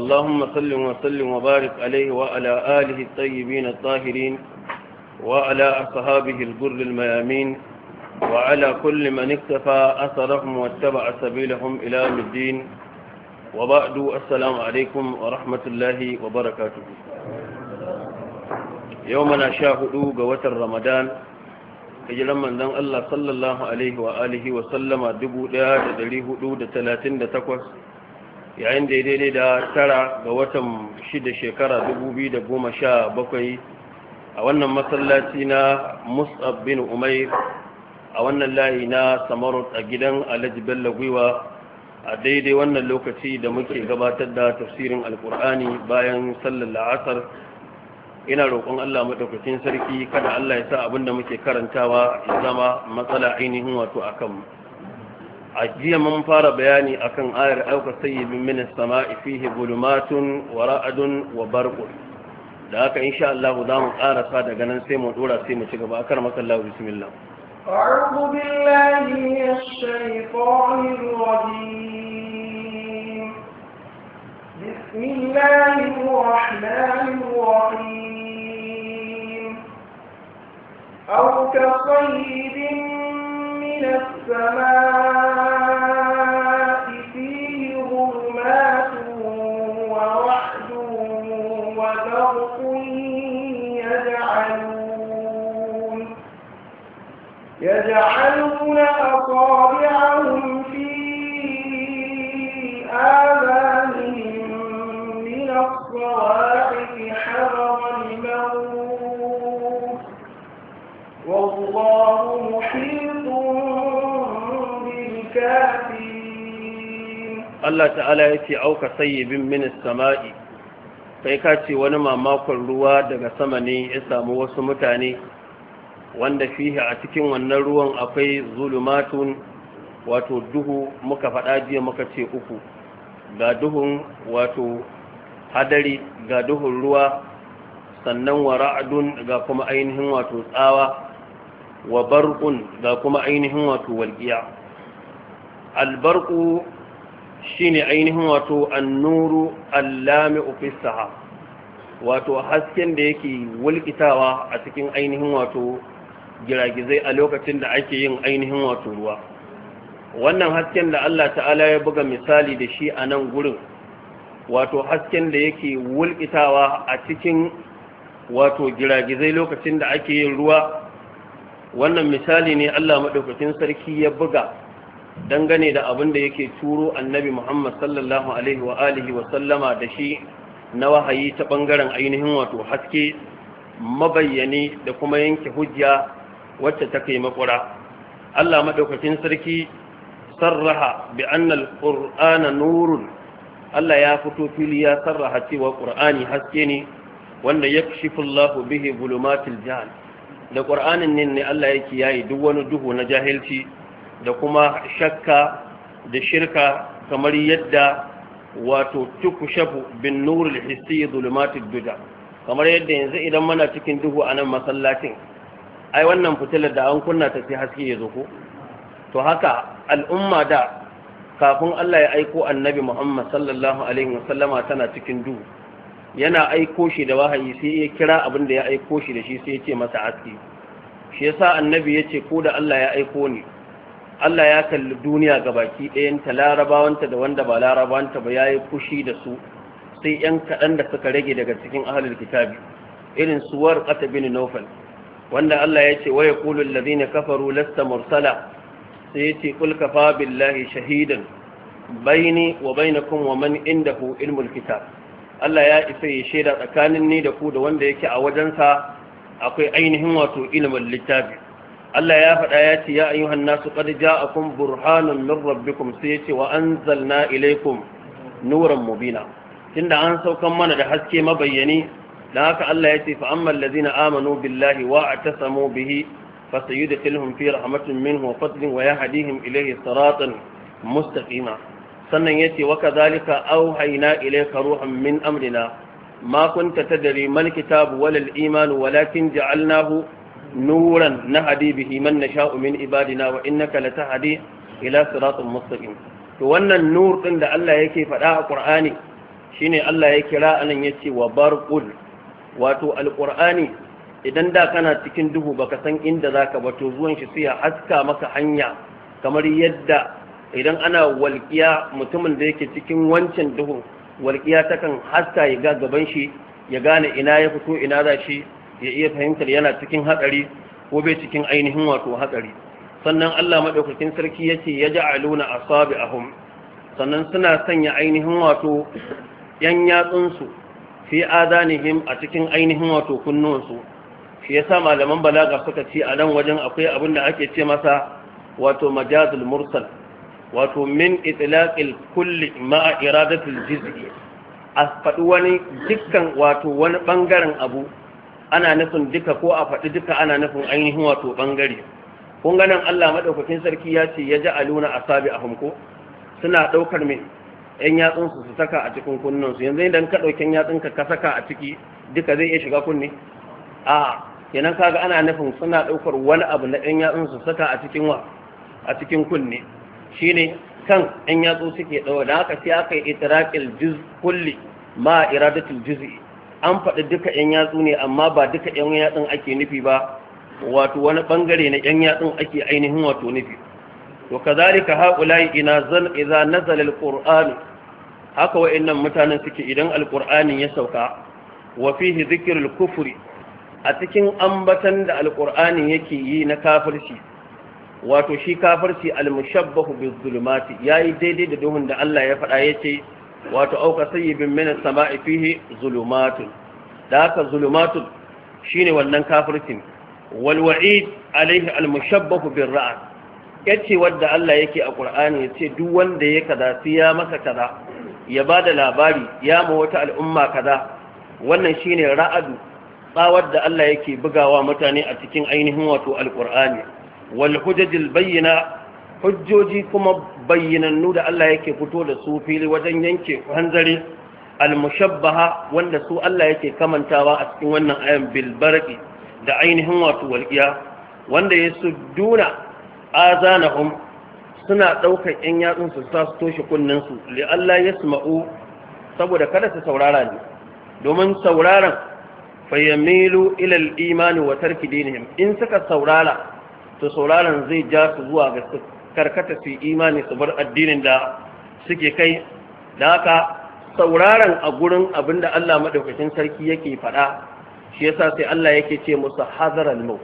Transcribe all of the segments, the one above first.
اللهم صل وسلم وبارك عليه وعلى آله الطيبين الطاهرين وعلى أصحابه الجر الميامين وعلى كل من اكتفى أثرهم واتبع سبيلهم إلى الدين وبعد السلام عليكم ورحمة الله وبركاته يومنا شاهدوا قوة رمضان hijiran manzon Allah sallallahu alaihi wa alihi wa sallama 1438 yayin da daidai da tara ga watan shida shekara 2017 a wannan masallaci na musab bin umair a wannan layi na samarot a gidan alhaji bello gwiwa a daidai wannan lokaci da muke gabatar da tafsirin alkur'ani bayan sallar la'asar ina roƙon allah maɗaukacin sarki kada allah ya sa abin da muke karantawa zama matsala ainihin wato a kanmu a jiya mun fara bayani akan ayar auka sayyibin min sama'i fihi bulumatun wa ra'adun wa barqun da haka insha Allah za mu karasa daga nan sai mu dora sai mu ci gaba akar maka Allah bismillah أعوذ بالله من الشيطان الرجيم بسم الله الرحمن الرحيم أو كصيب من السماء فيه ظلمات ورعد وبرق يجعلون يجعلون أصابعهم في آذانهم من الصواعق حذر الموت والله محيط ta'ala ya ya ce auka صيب من sama'i kai ka ce wani mamakon ruwa daga sama ne ya samu wasu mutane wanda fihi a cikin wannan ruwan akwai zulumatun wato duhu muka faɗa jiya muka ce uku ga duhun wato hadari ga duhun ruwa sannan wa ra'adun ga kuma ainihin wato tsawa wa barqun ga kuma ainihin wato walƙiya albarku shine ainihin wato annuru Lami ofisaha saha wato hasken da yake wulkitawa a cikin ainihin wato giragizai a lokacin da ake yin ainihin wato ruwa wannan hasken da Allah ta'ala ya buga misali da shi a nan gurin wato hasken da yake wulkitawa a cikin wato giragizai lokacin da ake yin ruwa wannan misali ne Allah maɗaukacin sarki ya buga dangane da abin da yake turo annabi Muhammad sallallahu alaihi wa alihi wa sallama da shi na wahayi ta ɓangaren ainihin wato haske mabayyane da kuma yanke hujja wacce ta kai makura Allah madaukakin sarki sarraha bi annal qur'ana nurun Allah ya fito fili ya sarraha cewa qur'ani haske ne wanda yakshifu Allahu bihi bulumatil jahl da qur'anin ne Allah yake yayi duk wani duhu na jahilci da kuma shakka da shirka kamar yadda wato shafu bin da hissi zulumati duda kamar yadda yanzu idan muna cikin duhu a nan masallacin ai wannan fitilar da an kunna ta sai haske ya to haka al'umma da kafin Allah ya aiko annabi Muhammad sallallahu alaihi wasallama tana cikin duhu yana aiko shi da wahayi sai ya kira abin da ya aiko shi da shi sai ya ce masa aski shi yasa annabi ya ce ko da Allah ya aiko ni Allah ya kalli duniya ga baki ɗayanta larabawanta da wanda ba larabawanta ba ya yi fushi da su sai ‘yan kaɗan da suka rage daga cikin ahalul kitabi irin suwar ƙata bin nofal wanda Allah ya ce wa ya kulun lazina kafaru lasta mursala sai ya ce kulka fa billahi shahidan baini wa kun wa man indahu ilmul kitab Allah ya isa ya shaida tsakanin ni da ku da wanda yake a wajensa akwai ainihin wato ilimin littafi Allah ya faɗa ya ce ya ayyuhan nasu qad ja'akum burhanun min rabbikum sai ya ce wa anzalna ilaykum nuran mubina tunda an saukan mana da haske mabayyani dan haka Allah ya ce fa ammal ladina amanu billahi wa atasamu bihi fasayudkhiluhum fi rahmatin minhu wa fadlin wa yahdihim ilayhi siratan mustaqima sannan yace wa kadhalika awhayna ilayka ruhan min amrina ma kunta tadri mal kitab wal iman walakin ja'alnahu nuran nahdi bihi man nasha'u min in na kala latahdi ila siratin mustaqim to wannan nur din da Allah yake faɗa a Qur'ani shine Allah ya kira anan yace wa barqul wato alqur'ani idan da kana cikin duhu baka san inda zaka ba to zuwan shi sai ya haska maka hanya kamar yadda idan ana walƙiya mutumin da yake cikin wancan duhu, walƙiya takan haska ya ga gaban shi ya gane ina ya fito ina za shi ya iya fahimtar yana cikin hatsari ko bai cikin ainihin wato hatsari sannan Allah madaukakin sarki yake yace yaj'aluna asabi'ahum sannan suna sanya ainihin wato yan yatsunsu fi adanihim a cikin ainihin wato kunnuwansu shi yasa malaman balaga suka ce a nan wajen akwai abin da ake ce masa wato majazul mursal wato min itlaqil kulli ma'a iradatul jiz'i a faɗi wani dukkan wato wani ɓangaren abu ana nufin duka ko a faɗi duka ana nufin ainihin wato ɓangare kun ganin Allah maɗaukakin sarki ya ce ya ji aluna a sabi a hunko suna ɗaukar mai ‘yan yatsunsu su saka a cikin kunnensu yanzu idan ka ɗauki yatsunka ka saka a ciki duka zai iya shiga kunne a kenan kaga ana nufin suna ɗaukar wani abu na ‘yan yatsunsu saka a cikin wa a cikin kunne shine kan ‘yan yatsu suke ɗaura da haka sai aka yi itiraƙil juz kulli ma iradatul juz'i an faɗi duka 'yan yatsu ne amma ba duka 'yan yatsun ake nufi ba wato wani ɓangare na 'yan yatsun ake ainihin wato nufi to kazalika layi ina zan iza nazalil ƙur'ani haka wa'annan mutanen suke idan alƙur'anin ya sauka wa fihi zikirul kufuri a cikin ambatan da alƙur'anin yake yi na kafirci wato shi kafirci al bizulmati bi yayi daidai da duhun da Allah ya faɗa ya ce. wato auka sayyibin min samai fihi zulumatun da haka zulumatun shine wannan kafircin Walwa'i alaihi almushabbahu bin bir ra'a yace wadda Allah yake a Qur'ani yace duk wanda ya kaza sai ya masa kaza ya bada labari ya ma wata al'umma kaza wannan shine ra'adu tsawar da Allah yake bugawa mutane a cikin ainihin wato al-Qur'ani wal hujajil bayyina hujjoji kuma bayyanannu da Allah yake fito da su fili wajen yanke hanzari al-mushabbaha wanda su Allah yake kamantawa a cikin wannan ayan bil barqi da ainihin wato walqiya wanda ya yasudduna azanahum suna daukar yan yatsun su sa su toshe kunnin su li Allah yasma'u saboda kada su saurara ne domin sauraron fayamilu ila al-iman wa tarki dinihim in suka saurara to sauraron zai ja su zuwa ga karkata su imani su bar addinin da suke kai da haka sauraron a gurin abin da Allah maɗaukacin sarki yake faɗa shi yasa sai Allah yake ce musu hazaral mau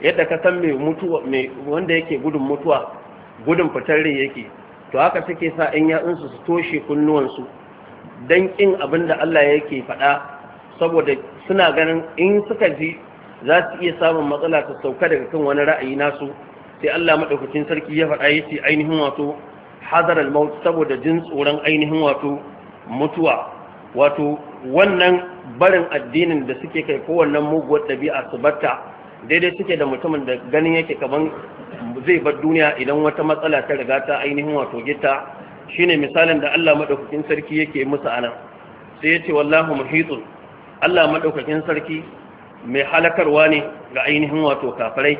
yadda ka san mai mutuwa mai wanda yake gudun mutuwa gudun fitar rai yake to haka suke sa in ya su toshe kunnuwansu dan kin abin da Allah yake faɗa saboda suna ganin in suka ji za su iya samun matsala su sauka daga kan wani ra'ayi nasu sai Allah madaukakin sarki ya faɗa yace ainihin wato hadar al-maut saboda jin tsoron ainihin wato mutuwa wato wannan barin addinin da suke kai ko wannan muguwar ɗabi'a su batta daidai suke da mutumin da ganin yake kaman zai bar duniya idan wata matsala ta riga ta ainihin wato gita shine misalin da Allah madaukakin sarki yake musu anan sai yace wallahu muhitun Allah madaukakin sarki mai halakarwa ne ga ainihin wato kafirai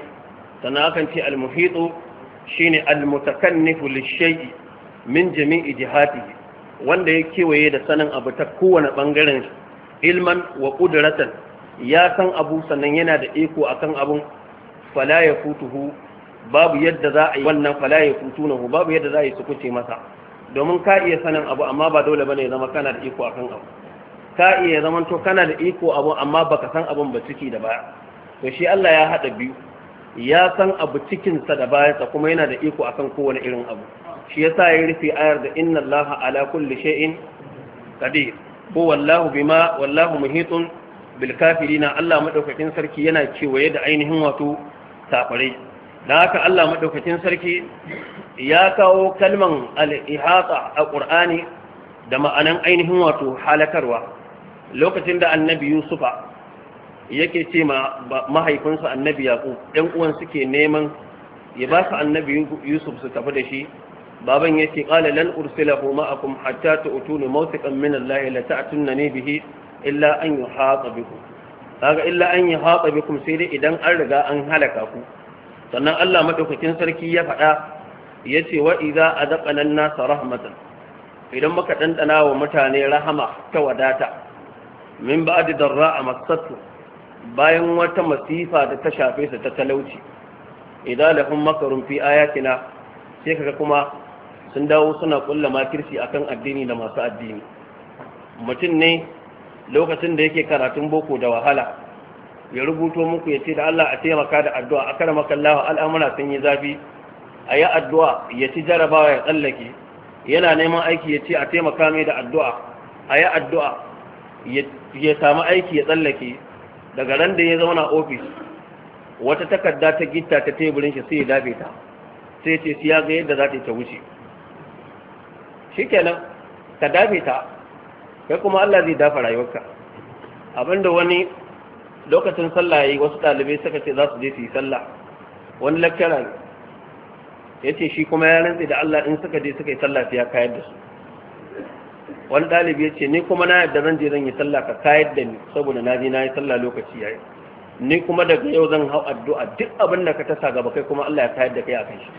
sannan akan ce al-muhitu shine al-mutakannifu lish min jami'i jihatihi wanda ya kewaye da sanin abu ta kowane bangaren ilman wa qudratan ya san abu sannan yana da iko akan abun fala ya futuhu babu yadda za a yi wannan fala ya futunahu babu yadda za a yi su kuce masa domin ka iya sanin abu amma ba dole bane ya zama kana da iko akan abu ka iya zaman to kana da iko abu amma baka san abun ba ciki da baya to shi Allah ya hada biyu ya san abu cikinsa da bayansa kuma yana da iko akan kowane irin abu shi yasa ya rufe ayar da inna allaha ala kulli shay'in qadir ko wallahu bima wallahu muhitun bil kafirina Allah madaukakin sarki yana kewaye da ainihin wato safare dan haka Allah madaukakin sarki ya kawo kalman al-ihata a Qur'ani da ma'anan ainihin wato halakarwa lokacin da annabi Yusufa yake ce ma mahaifinsa annabi yaƙub ɗan uwan suke neman ya ba su annabi yusuf su tafi da shi baban yace qala lan ursilahu ma'akum hatta tu'tuni mawthiqan min allahi la ta'tunani bihi illa an yuhata bikum kaga illa an yuhata bikum sai dai idan an riga an halaka ku sannan Allah madaukakin sarki ya faɗa yace wa idza adaqana an-nasa rahmatan idan muka ɗanɗana wa mutane rahama ta wadata min ba'di darra'a massatu bayan wata masifa da ta shafe su ta talauci idan lahum makarun fi ayatina sai kaga kuma sun dawo suna kulla makirci akan addini da masu addini mutum ne lokacin da yake karatun boko da wahala ya rubuto muku ya ce da Allah a taimaka da addu'a a kara makallawa al'amura sun yi zafi a yi addu'a ya ci jarabawa ya tsallake yana neman aiki ya ce a taimaka mai da addu'a a yi addu'a ya sami aiki ya tsallake daga ran da ya zauna ofis wata takarda ta gita ta teburin shi sai ya dafe ta sai ce siya ga yadda za ta ta wuce shikenan ka dafe ta kai kuma Allah zai dafa rayuwarka abinda wani lokacin sallah yayi wasu ɗalibai suka ce za su je su yi sallah wani lakkara ne ce shi kuma ya rantsi da Allah in suka je suka yi sallah sai ya kayar da su wani ɗalibi ya ce ni kuma na yadda zan je zan yi sallah ka kayar da ni saboda na je na yi sallah lokaci yayi ni kuma daga yau zan hau addu'a duk abin da ka tasa gaba kai kuma Allah ya kayar da kai akan shi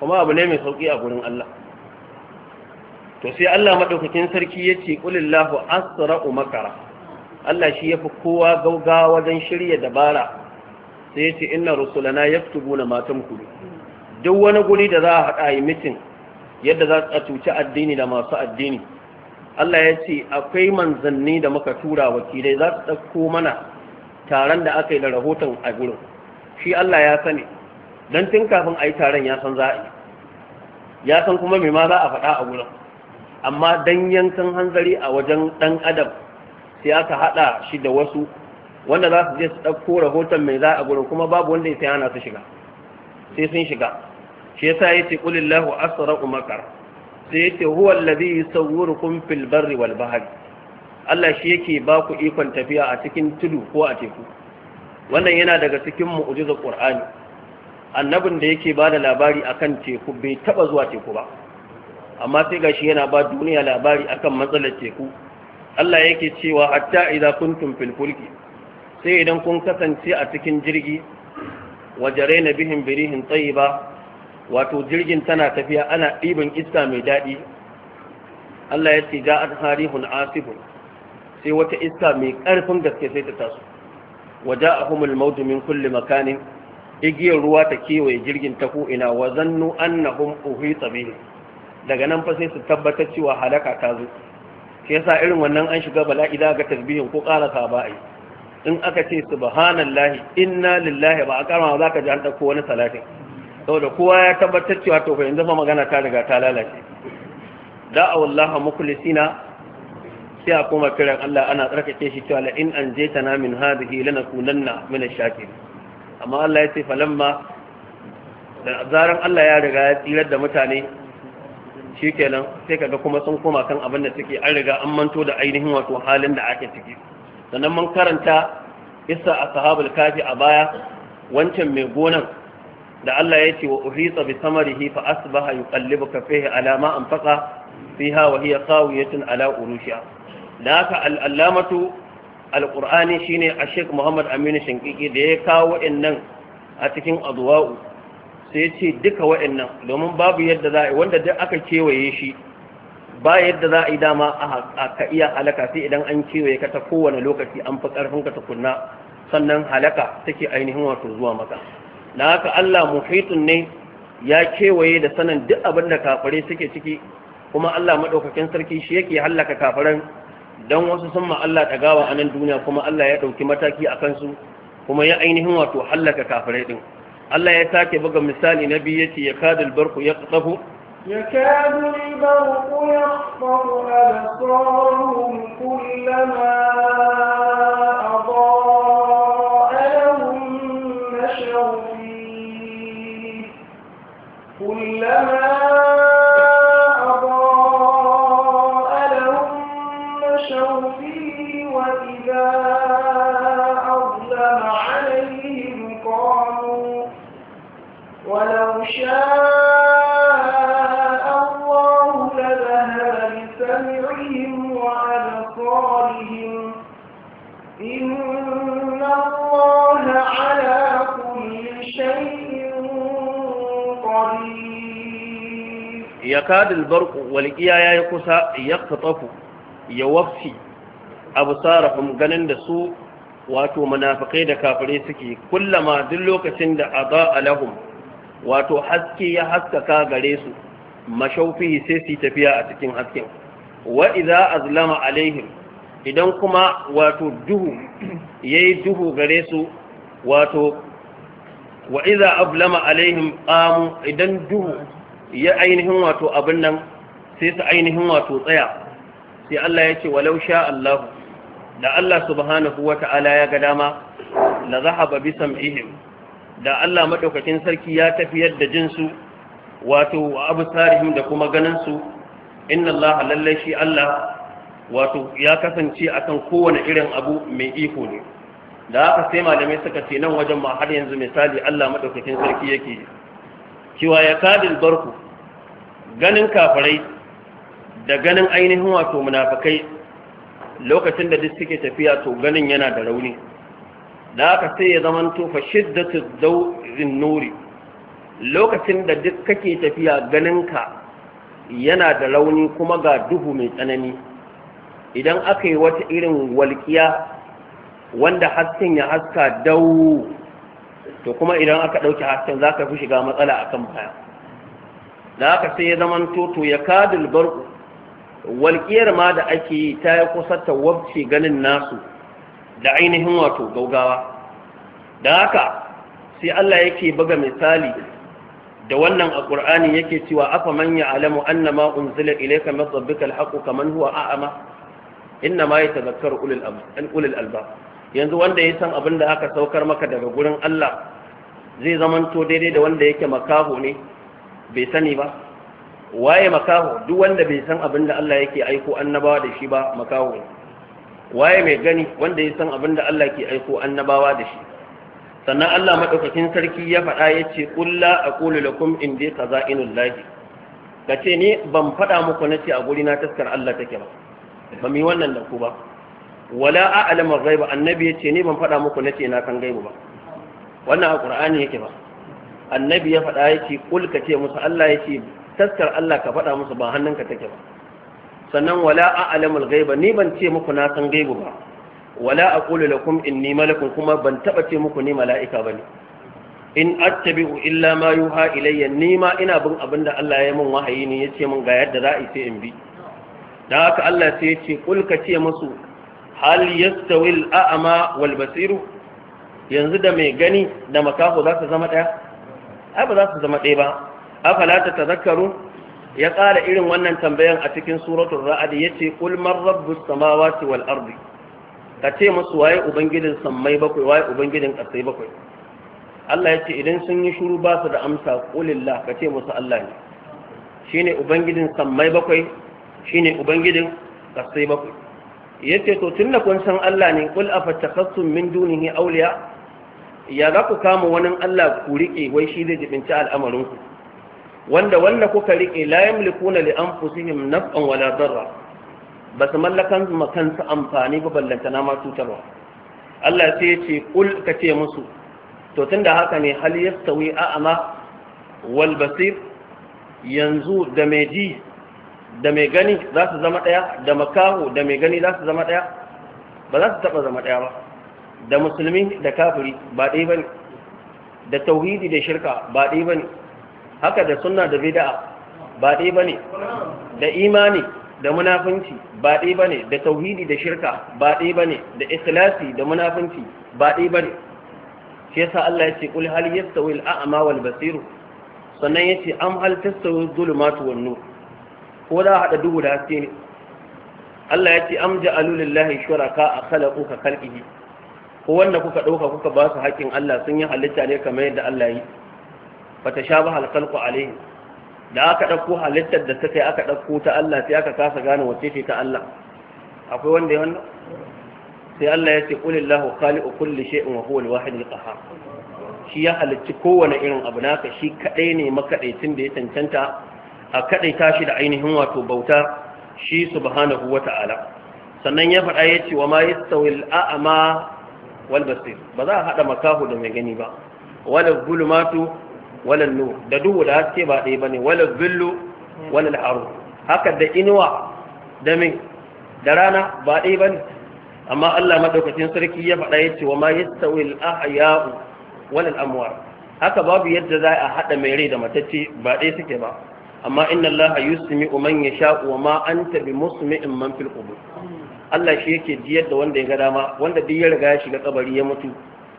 kuma abu ne mai sauki a gurin Allah to sai Allah madaukakin sarki ya ce qulillahu asra'u makara Allah shi yafi kowa gaugawa wajen shirya dabara sai ya ce inna rusulana yaktubuna matan tamkuru duk wani guri da za a haɗa yi mitin yadda za a cuci addini da masu addini Allah ya ce akwai manzanni da muka tura wakilai za su ɗauko mana taron da aka yi da rahoton a gurin shi Allah ya sani don tun kafin a yi taron ya san za a yi ya san kuma mai ma za a faɗa a gurin amma don yankan hanzari a wajen ɗan adam sai aka haɗa shi da wasu wanda za su je su ɗauko rahoton mai za a gurin kuma babu wanda ya sai su shiga sai sun shiga shi yasa yace qulillahu asra'u umakar sai yace huwa alladhi yusawwirukum fil barri wal Allah shi yake ba ku ikon tafiya a cikin tudu ko a teku wannan yana daga cikin mu'jizar Qur'ani annabin da yake ba da labari akan teku bai taba zuwa teku ba amma sai gashi yana ba duniya labari akan matsalar teku Allah yake cewa hatta idza kuntum fil fulki sai idan kun kasance a cikin jirgi wajare na bihin birihin tsayi ba wato jirgin tana tafiya ana ɗiban iska mai daɗi Allah ya ce ja'at harihun asibun. sai wata iska mai ƙarfin gaske sai ta taso Waje a mawdu min kulli makanin igiyar ruwa ta kewaye jirgin ta ko ina wa zannu annahum uhita bihi daga nan fa sai su tabbatar cewa halaka ta zo shi yasa irin wannan an shiga bala'i da ga tasbihin ko ƙara ta ba ai in aka ce subhanallahi inna lillahi ba a karama za ka ji an ɗauko wani salatin saboda kowa ya tabbatar cewa to fa yanzu fa magana ta riga ta lalace da'a wallaha na sai a koma kiran Allah ana tsarkake shi cewa je in anjaytana min hadhihi lanakunanna min ash-shakirin amma Allah ya ce falamma da zaran Allah ya riga ya tsirar da mutane nan sai kaga kuma sun koma kan abin da suke an riga an manto da ainihin wato halin da ake ciki sannan mun karanta isa sahabul kafi a baya wancan mai gonan da Allah ya ce wa uhita bi samarihi fa asbaha yuqallibu kafayhi ala ma anfaqa fiha wa hiya qawiyatun ala urushiha da haka al'allamatu alqur'ani shine a Sheikh Muhammad Aminu Shinkiki da ya kawo wa'annan a cikin adwa'u sai ya ce duka wa'annan domin babu yadda za a yi wanda duk aka kewaye shi ba yadda za a yi dama a ka iya halaka sai idan an kewaye ka ta kowane lokaci an fi karfin ka tukunna sannan halaka take ainihin wato zuwa maka na haka Allah muhitun ne ya kewaye da sanin duk abin da kafare suke ciki kuma Allah maɗaukakin sarki shi yake hallaka kafaran don wasu sun ma Allah ɗagawa a nan duniya kuma Allah ya ɗauki mataki a kansu kuma ya ainihin wato hallaka kafare ɗin Allah ya sake buga misali na biyu yace ya kadul barku ya tsafu يكاد البرق يخطر أبصارهم كلما أضاء لهم مشوا كلما أضاء لهم مشوا فيه وإذا أظلم عليهم قاموا ولو شاء الله لذهب لسمعهم وأبصارهم إن الله على كل شيء قدير ya kadil barku walƙiya ya yi kusa ya katsafu ya wafsi abu sarafin ganin da su wato munafikai da kafirai suke kullama duk lokacin da a za a alahum wato haske ya haskaka gare su mashaufi sai su tafiya a cikin hasken wa idza azlama alaihim idan kuma wato duhu ya yi duhu gare su wato wa idza ablama alaihim qamu idan duhu ya ainihin wato abin nan sai su ainihin wato tsaya sai Allah ya ce walau sha Allah da Allah subhanahu wata'ala ya ga dama la zahaba bi sam'ihim da Allah madaukakin sarki ya tafiyar da jinsu wato absarihim da kuma ganin su inna Allah lallai shi Allah wato ya kasance akan kowane irin abu mai iko ne da haka sai malamai suka ce nan wajen ma har yanzu misali Allah madaukakin sarki yake yi. cewa ya kadil barku ganin kafarai da ganin ainihin wato munafukai, lokacin da duk suke tafiya to ganin yana da rauni da aka sai ya zama tofa shiddatu dawin nuri lokacin da duk kake tafiya ganinka yana da rauni kuma ga duhu mai tsanani idan aka yi wata irin walƙiya wanda hasken ya haska dau to kuma idan aka ɗauki hasken za ka fi shiga matsala a kan baya da haka sai ya zama toto ya kadul bar walƙiyar ma da ake yi ta yi kusa ta wabce ganin nasu da ainihin wato gaugawa da haka sai Allah yake buga misali da wannan a ƙur'ani yake cewa afa man Alamu annama unzila ilayka min rabbikal haqqu kaman huwa a'ama inna ma yatadhakkaru ulul albab yanzu wanda ya san abin da aka saukar maka daga gurin Allah zai zamanto daidai da wanda yake makaho ne bai sani ba waye makaho duk wanda bai san abin da Allah yake aiko annabawa da shi ba makaho ne waye mai gani wanda ya san abin da Allah ke aiko annabawa da shi sannan Allah madaukakin sarki ya faɗa ya ce kulla aqulu lakum indi khaza'inullahi kace ni ban faɗa muku nace a guri na taskar Allah take ba ba mi wannan da ku ba wala a'lamu ghaiba annabi yace ni ban faɗa muku nace na kan gaibu ba wannan a qur'ani yake ba annabi ya faɗa yake kul ka ce musu Allah yake taskar Allah ka faɗa musu ba hannunka take ba sannan wala a'lamu ghaiba ni ban ce muku na san gaibu ba wala aqulu lakum inni malakun kuma ban taba ce muku ni mala'ika bane in attabi'u illa ma yuha ilayya ni ma ina bin abinda Allah ya min wahayi ne yace min ga yadda za'i sai in bi dan haka Allah sai ya ce kul ka ce musu hal yastawi al'ama wal basiru yanzu da mai gani da makaho za su zama ɗaya ai ba za su zama ɗaya ba afala ta tazakkaru ya ƙara irin wannan tambayan a cikin suratul ra'ad yace qul man rabbus samawati wal ardi ka ce musu waye ubangijin sammai bakwai waye ubangijin ƙasai bakwai Allah ya ce idan sun yi shuru ba su da amsa qulillah ka ce musu Allah ne shine ubangijin sammai bakwai shine ubangijin ƙasai bakwai yace to tunda kun san Allah ne kul afattakhasum min dunihi awliya ya za ku kama wani Allah ku rike wai shi zai jibinci al'amarin ku wanda wanda kuka rike la yamlikuna li anfusihim naf'an wala darra ba su mallakan makansu amfani ba ballanta na ma cutarwa Allah sai ya ce qul ka ce musu to tunda haka ne hal yastawi a'ama wal basir yanzu da mai ji da mai gani za su zama ɗaya da makaho da mai gani za su zama ɗaya ba za su taɓa zama ɗaya ba da musulmi da kafiri ba ɗaya ba ne da tauhidi da shirka ba ɗaya ba ne haka da sunna da bid'a ba ɗaya ba ne da imani da munafunci ba ɗaya ba ne da tauhidi da shirka ba ɗaya ba ne da ikhlasi da munafunci ba ɗaya ba ne shi yasa Allah ya ce kul hal yastawi al a'ma wal basir sannan yace am hal tastawi zulumatu wan nur ko za a haɗa duhu da haske ne Allah ya ce amja alulillahi shuraka a khalaqu ka khalqihi ko wanda kuka ɗauka kuka ba su haƙƙin Allah sun yi halitta ne kamar yadda Allah yi bata sha ba halkalku alaihi da aka ɗauko halittar da ta kai aka ɗauko ta Allah sai aka kasa gane wace ce ta Allah akwai wanda ya wannan sai Allah ya ce qulillahu khaliqu kulli shay'in wa huwa al-wahid al-qahhar shi ya halicci kowane irin abu naka shi kadai ne makadaicin da ya cancanta a kaɗai tashi da ainihin wato bauta shi subhanahu wa ta'ala sannan ya faɗa ya ce wa ma yastawi al'a'ma wal basir ba za a haɗa makahu da mai gani ba wala zulumatu wala nur da duhu da haske ba ɗaya bane wala zullu wala haru haka da inuwa da mai da rana ba ɗaya bane amma Allah madaukakin sarki ya faɗa ya ce wa ma yastawi al'ahya'u wala al'amwar haka babu yadda za a haɗa mai rai da matacce ba ɗaya suke ba amma inna allaha yusmi'u man yasha'u wa ma anta bi man fil qubur Allah shi yake jiyar da wanda ya ga dama wanda duk ya riga ya shiga kabari ya mutu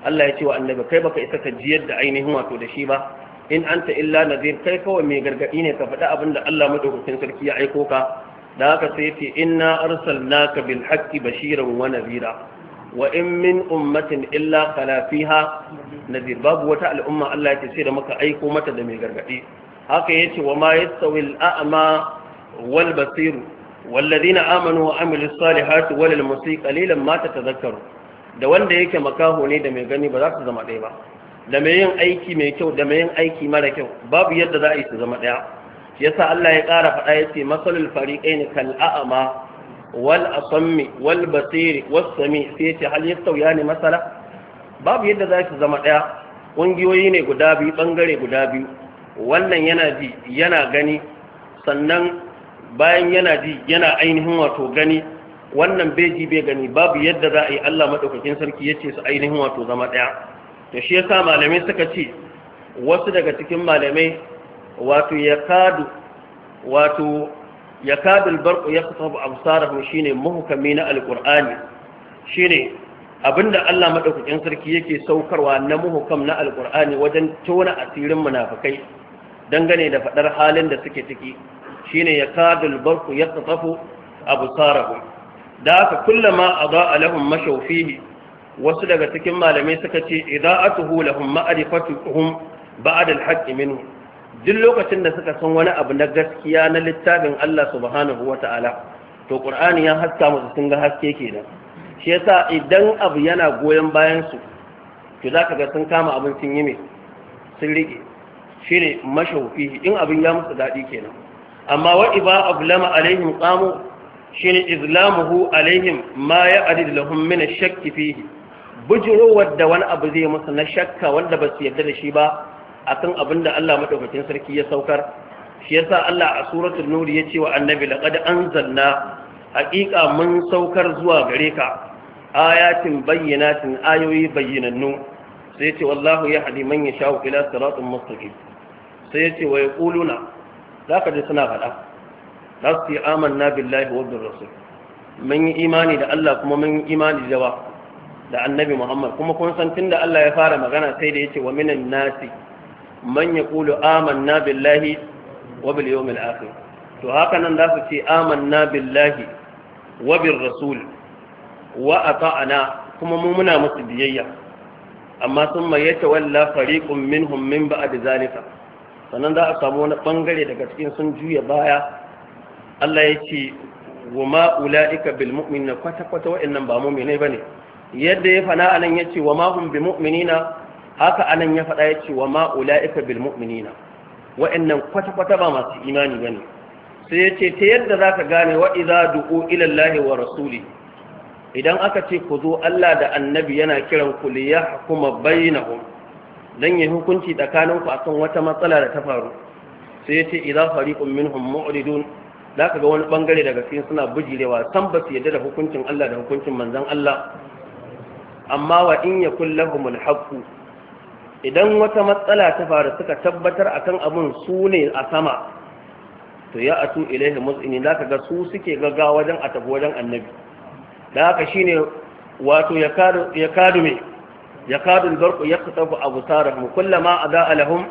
Allah ya ce wa annabi kai baka isa ka jiyar da ainihin wato da shi ba in anta illa nadhir kai kawai mai gargadi ne ka faɗi abin da Allah madaukakin sarki ya aiko ka da haka sai ce inna arsalnaka bil haqqi bashiran wa nadhira wa in min ummatin illa khala fiha nadhir babu wata al'umma Allah ya ce sai da muka aiko mata da mai gargadi haka ya ce wa ma yastawi al-a'ma wal basir والذين آمنوا وعملوا الصالحات ولا المسيء mata ta تتذكروا da wanda yake makaho ne da mai gani ba za su zama ɗaya ba da mai yin aiki mai kyau da mai yin aiki mara kyau babu yadda za a yi su zama ɗaya yasa Allah ya ƙara faɗa ya ce masalul fariqain kal a'ama wal asammi wal basiri was sami sai ce hal yastawiya ne masala babu yadda za su zama ɗaya ƙungiyoyi ne guda biyu bangare guda biyu wannan yana ji yana gani sannan bayan yana ji yana ainihin wato gani wannan bai ji bai gani babu yadda za a yi Allah maɗaukakin sarki ya ce su ainihin wato zama ɗaya to shi yasa malamai suka ce wasu daga cikin malamai wato ya kadu wato ya kadu albarku ya kasabu absarahum shine muhkami na alqur'ani shine abinda Allah madaukakin sarki yake saukarwa na muhukam na alqur'ani wajen tona asirin munafikai dangane da faɗar halin da suke ciki shine ya kadul barku ya tsafafu abu sarahu da aka kullama a za a lahun mashaufihi wasu daga cikin malamai suka ce idan atuhu tuhu lahun ma'arifatuhum ba'adal haƙƙi minhu duk lokacin da suka san wani abu na gaskiya na littafin Allah subhanahu wa ta'ala to ƙur'ani ya haska musu sun ga haske kenan shi yasa idan abu yana goyon bayan su to zaka ga sun kama abin sun yi mai, sun rike shine mashawfihi in abin ya musu daɗi kenan amma wa iba ablama alaihim qamu ne izlamuhu alaihim ma ya'dil lahum min ash shakki, fihi bujurowar da wani abu zai musu na shakka wanda ba su yarda da shi ba akan abin da Allah madaukakin sarki ya saukar shi yasa Allah a suratul nuri ya ce wa annabi An zanna. Haƙiƙa mun saukar zuwa gare ka ayatin bayyanatin ayoyi bayyanannu sai ce wallahu yahdi man shau ila siratin mustaqim sai ya ce wa ya ƙuluna za ka ji suna faɗa za su yi na billahi wa bin rasul mun yi imani da Allah kuma mun yi imani da wa da annabi Muhammad kuma kun san tun da Allah ya fara magana sai da ya ce wa minan nasi man aman na billahi wa bil yawmil akhir to haka nan za su ce na billahi wa bir rasul wa ata'ana kuma mu muna musu biyayya amma sun mai yata walla fariqun minhum min ba'd zalika sannan za a samu wani bangare daga cikin sun juya baya Allah ya ce wa ma ula'ika bil mu'minina kwata kwata wa'annan ba ba ne. yadda ya fana anan ya ce wa ma hum bi mu'minina haka anan ya fada ce wa ma ula'ika bil mu'minina wa'annan kwata kwata ba masu imani ba ne. sai ya ce ta yadda za ka gane wa idza du'u ila Allahi wa rasuli idan aka ce ku zo Allah da annabi yana kiran ku liyahkuma bainahum dan yi hukunci tsakaninku akan wata matsala da ta faru sai yace idza fariqun minhum mu'ridun da ka ga wani bangare daga cikin suna bujirewa san ba su yadda da hukuncin Allah da hukuncin manzon Allah amma wa in yakul lahumul haqqu idan wata matsala ta faru suka tabbatar akan abun su ne a sama to ya atu ilaihi muzini da ka ga su suke gaggawa wajen a tafi wajen annabi da haka shine wato ya kadu ya kadu yakadu al-barqu yaqtafu absarahum kullama adaa lahun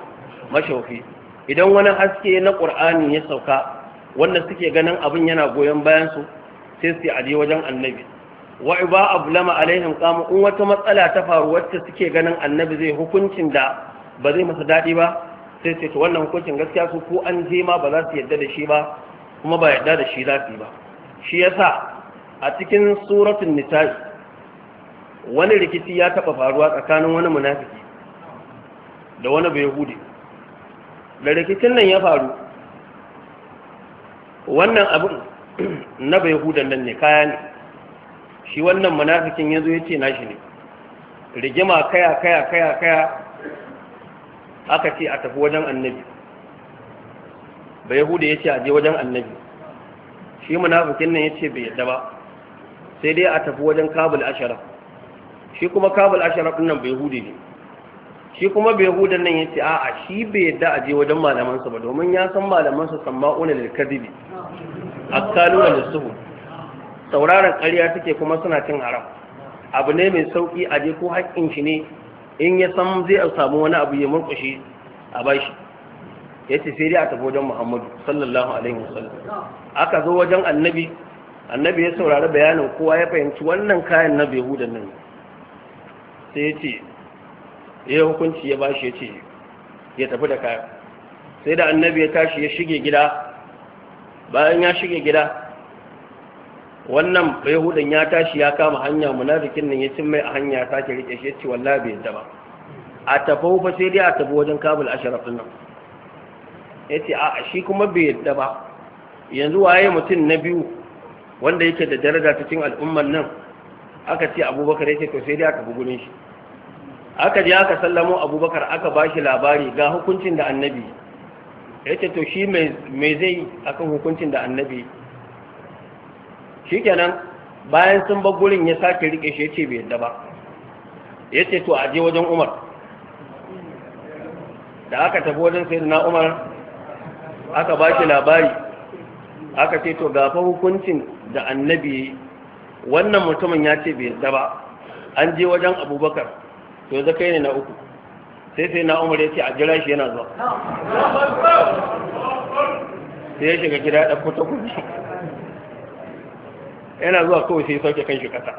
mashawfi idan wani haske na ƙur'ani ya sauka wanda suke ganin abin yana goyon bayan su sai su aje wajen annabi wa iba ablama alaihim qamu in wata matsala ta faru wacce suke ganin annabi zai hukuncin da ba zai masa daɗi ba sai sai wannan hukuncin gaskiya su ko an je ma ba za su yadda da shi ba kuma ba yadda da shi za su yi ba shi yasa a cikin suratul nisa'i wani rikici ya taɓa faruwa tsakanin wani munafiki da wani bai hude da rikicin nan ya faru wannan abin na bai hudan nan ne kaya ne shi wannan munafikin ya zo ya ce nashi ne rigima kaya kaya kaya kaya aka ce a tafi wajen annabi bai yahuda ya ce a je wajen annabi shi munafikin nan ya ce bai yadda ba sai dai a tafi wajen kabul ashirar shi kuma kabul ashraf nan bai hude ne shi kuma bai hudan nan yace a'a shi bai yadda aje wajen malamansa ba domin ya san malamansa samma'una lil kadibi da lisuhu sauraron ƙarya take kuma suna cin haram abu ne mai sauki aje ko haƙƙin shi ne in ya san zai samu wani abu ya murƙushe a bashi yace sai dai a tafi wajen Muhammadu sallallahu alaihi wasallam aka zo wajen annabi annabi ya saurari bayanin kowa ya fahimci wannan kayan na bai hudan nan sai ya ce ya yi hukunci ya bashi ya ce ya tafi da kaya sai da annabi ya tashi ya shige gida bayan ya shige gida wannan yahudan ya tashi ya kama hanya munafikin nan ya cin mai a hanya ke rike shi ya ce wallahi bai yadda ba a tafi hufa sai dai a tafi wajen kabul asharaf nan ya ce a shi kuma bai yadda ba yanzu waye mutum na biyu wanda yake da daraja cikin al'ummar nan aka ce abubakar ya ce to sai dai a tafi shi aka je aka sallamo abubakar aka ba shi labari ga hukuncin da annabi ya ce to shi mai zai akan hukuncin da annabi shi kenan bayan sun ba gurin ya sake rike shi ya ce bai yadda ba ya ce to aje wajen umar da aka tafi wajen sai na umar aka ba shi labari aka ce to gafa hukuncin da annabi wannan mutumin ya ce bai yadda ba an je wajen abubakar to yanzu kai ne na uku sai sai na umar ya ce a jira shi yana zuwa sai ya shiga gida ya ɗauko ta kuɗi yana zuwa kawai sai sauke kan shi ƙasa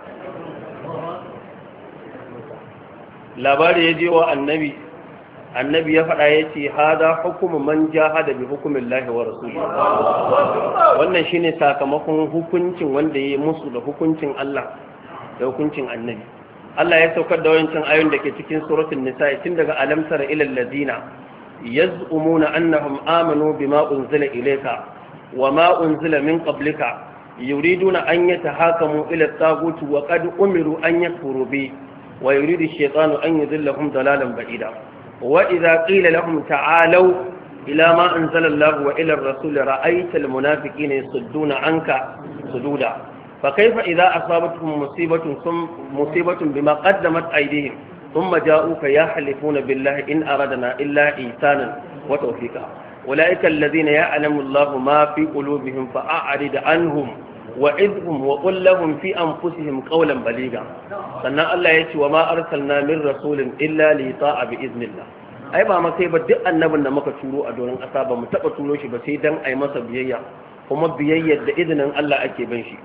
labari ya je wa annabi annabi ya faɗa ya ce hada hukumu man ja hada bi hukumin lahi wa rasuli wannan shine sakamakon hukuncin wanda ya yi musu da hukuncin Allah da hukuncin annabi Allah ya saukar da wayancin ayoyin da ke cikin suratul nisa tun daga alamsar tara ilal ladina yaz'umuna annahum amanu bima unzila ilayka wama unzila min qablika yuriduna an yatahakamu ila at wa qad umiru an yakfuru bi wa yuridu ash-shaytanu an yudillahum dalalan ba'ida wa idza qila lahum ta'alu ila ma anzala Allah wa ila ar-rasul ra'aita al-munafiqina yasudduna anka sududa فكيف إذا أصابتهم مصيبة ثم مصيبة بما قدمت أيديهم ثم جاءوك يحلفون بالله إن أردنا إلا إيتانا وتوفيقا أولئك الذين يعلم الله ما في قلوبهم فأعرض عنهم وعظهم وقل لهم في أنفسهم قولا بليغا سنة الله يتي وما أرسلنا من رسول إلا ليطاع بإذن الله ai ba ma sai ba duk annabin da muka turo a doron ƙasa ba mu taɓa turo shi ba sai dan ai masa biyayya kuma biyayyar da izinin Allah ake bin shi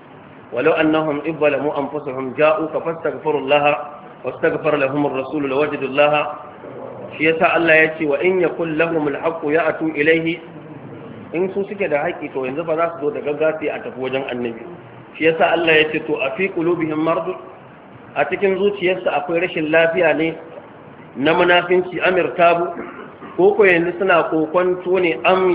ولو أنهم إذ ظلموا أنفسهم جاءوك فاستغفروا الله واستغفر لهم الرسول لوجدوا الله شيسا الله يأتي وإن يكن لهم الحق يأتوا إليه in su suke da hakki to yanzu ba za su zo da gaggafi a tafi wajen annabi shi yasa Allah ya ce to a fi qulubihim mardu a cikin zuciyarsa akwai rashin lafiya ne na munafinci amir tabu ko yanzu suna kokonto ne am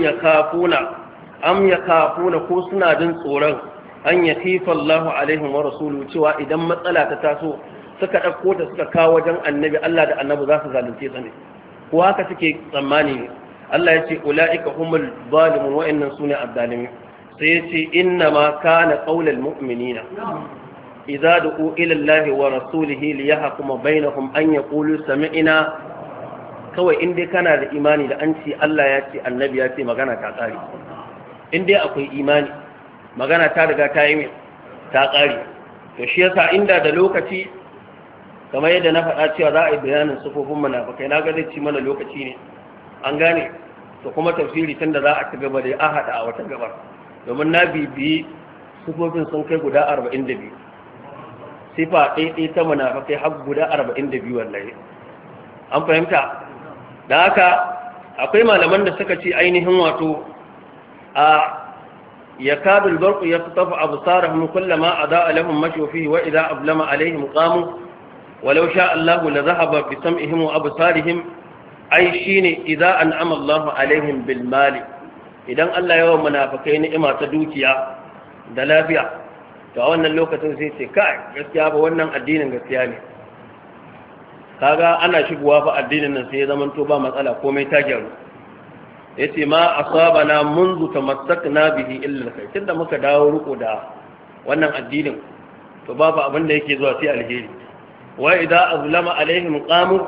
yakafuna ko suna jin tsoron an ya khifa Allahu alaihim wa rasuluhu cewa idan matsala ta taso suka ɗauko ta suka kawo wajen annabi Allah da annabi za su zalunce ta ne ko haka suke tsammani ne Allah ya ce ula'ika humul zalimun wa'annan sune azzalimin sai ya ce inna ma kana qaulal mu'minina idza du'u ila Allah wa rasulihi li yahkuma bainahum an yaqulu sami'na kawai in dai kana da imani da an ce Allah ya ce annabi ya ce magana ta tsari in dai akwai imani magana ta riga ta yi ta ƙari to shi yasa inda da lokaci kamar yadda na faɗa cewa za a yi bayanin sufofin kai na ga zai ci mana lokaci ne an gane to kuma tafsiri tun da za a ci gaba da ya haɗa a wata gabar domin na bibiyi sufofin sun kai guda arba'in da biyu sifa ɗaiɗai ta kai har guda arba'in da biyu wallahi an fahimta da haka akwai malaman da suka ce ainihin wato a يكاد البرق يقطف أبصارهم كلما أضاء لهم مشوا فيه وإذا أظلم عليهم قاموا ولو شاء الله لذهب بسمعهم وأبصارهم أي شين إذا أنعم الله عليهم بالمال إذا الله يوم منافقين إما تدوكيا دلافيا فأولا اللوكة سيسي كاي يسياب وانا الدين قسياني kaga ana shigowa fa addinin nan sai ya zama to ba matsala komai ta gyaru ce ma asabana منذ tamassakna bihi illa kai tunda muka dawo riko da wannan addinin to babu abin da yake zuwa sai alheri wa idza azlama alaihim qamu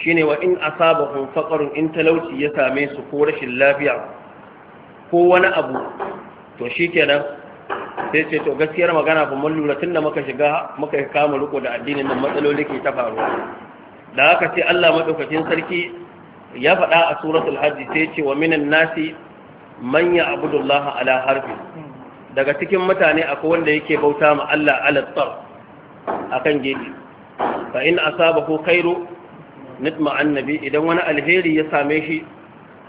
shine wa in asabahum faqrun in talauci ya same su ko rashin lafiya ko wani abu to kenan. sai ce to gaskiyar magana ba mun lura tunda muka shiga muka kama riko da addinin nan matsaloli ke ta faruwa da haka sai Allah madaukakin sarki ya faɗa a suratul hajji sai ce wa minan nasi man ya'budu Allah ala harfi daga cikin mutane akwai wanda yake bauta ma Allah ala tsar akan gefe fa in asabahu khairu nitma annabi idan wani alheri ya same shi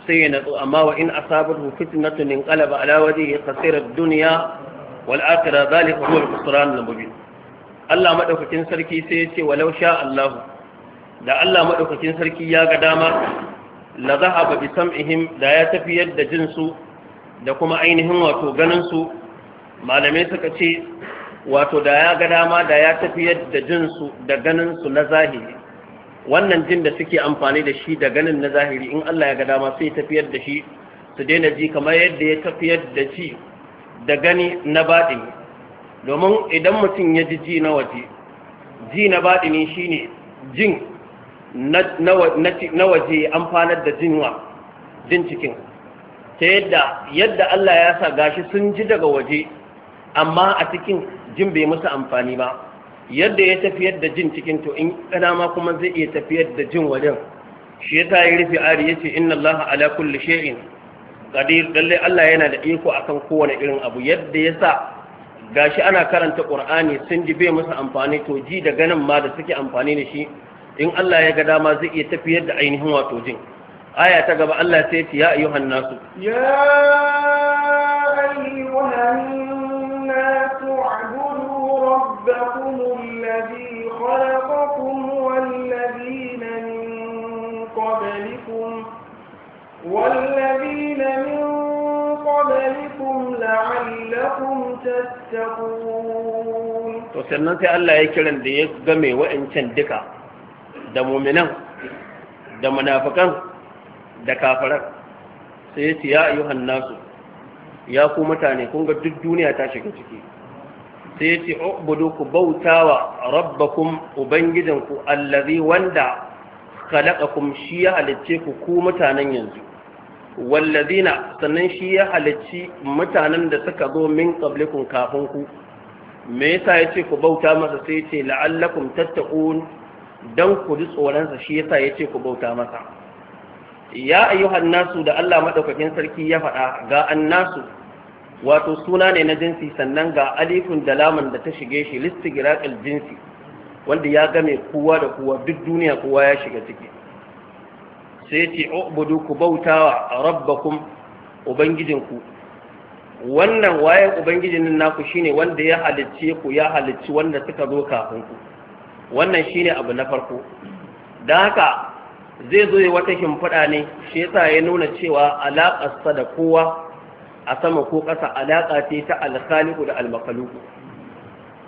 sai ya natsu amma wa in asabathu fitnatun inqalaba ala wajhihi khasira ad-dunya wal akhirah dhalika huwa al-khusran al-mubin Allah madaukakin sarki sai ya ce walau sha Allah da Allah madaukakin sarki ya ga dama la zahaba bi sam'ihim da ya tafi yadda jin su da kuma ainihin wato ganin su malamai suka ce wato da ya ga dama da ya tafi yadda jin su da ganin su na zahiri wannan jin da suke amfani da shi da ganin na zahiri in Allah ya ga dama sai tafi yadda shi su daina ji kamar yadda ya tafi yadda ji da gani na baɗi. domin idan mutum ya ji ji na waje ji na baɗi baɗini shine jin na waje amfanar da jinwa jin cikin ta yadda yadda Allah ya sa gashi sun ji daga waje amma a cikin jin bai musu amfani ba yadda ya tafiyar da jin cikin to in kana ma kuma zai iya tafiyar da jin wajen shi ya ta yi rufe ari ya ce inna Allah ala kulli shay'in qadir lalle Allah yana da iko akan kowane irin abu yadda ya sa gashi ana karanta Qur'ani sun ji bai musu amfani to ji da ganin ma da suke amfani da shi in Allah ya ga dama zai iya tafiyar da ainihin wato jin aya ta gaba Allah sai ce ya ayyuhan nasu ya ayyuhan nasu abudu rabbakum alladhi khalaqakum walladhina min qablikum walladhina min qablikum la'allakum tattaqun to sannan sai Allah ya kiran da ya game wa'ancan duka da muminan da munafikan da kafiran sai ya ce ya ayyuhan nasu ya ku mutane kun ga duk duniya ta shiga ciki sai ce ubudu ku bautawa rabbakum ubangijinku allazi wanda khalaqakum shi ya halicce ku ku mutanen yanzu wallazina sannan shi ya halicci mutanen da suka zo min qablikum kafin ku me yasa yace ku bauta masa sai ce la'allakum tattaqun don ku ji tsoronsa shi ya sa ya ce ku bauta masa ya ayyuhan nasu da Allah maɗaukakin sarki ya faɗa ga annasu wato suna ne na jinsi sannan ga alifin da Laman da ta shige shi giraƙil jinsi wanda ya game kowa da kowa duk duniya kowa ya shiga ciki sai ce ubudu ku bautawa rabbakum ubangijinku wannan wayan ubangijin naku shine wanda ya halicce ku ya halicci wanda suka zo kafin ku wannan shi ne abu na farko don haka zai zo yi wata shimfiɗa ne shi yasa ya nuna cewa alaƙarsa da kowa a sama ko ƙasa alaƙa ce ta alkhaliku da almakaluku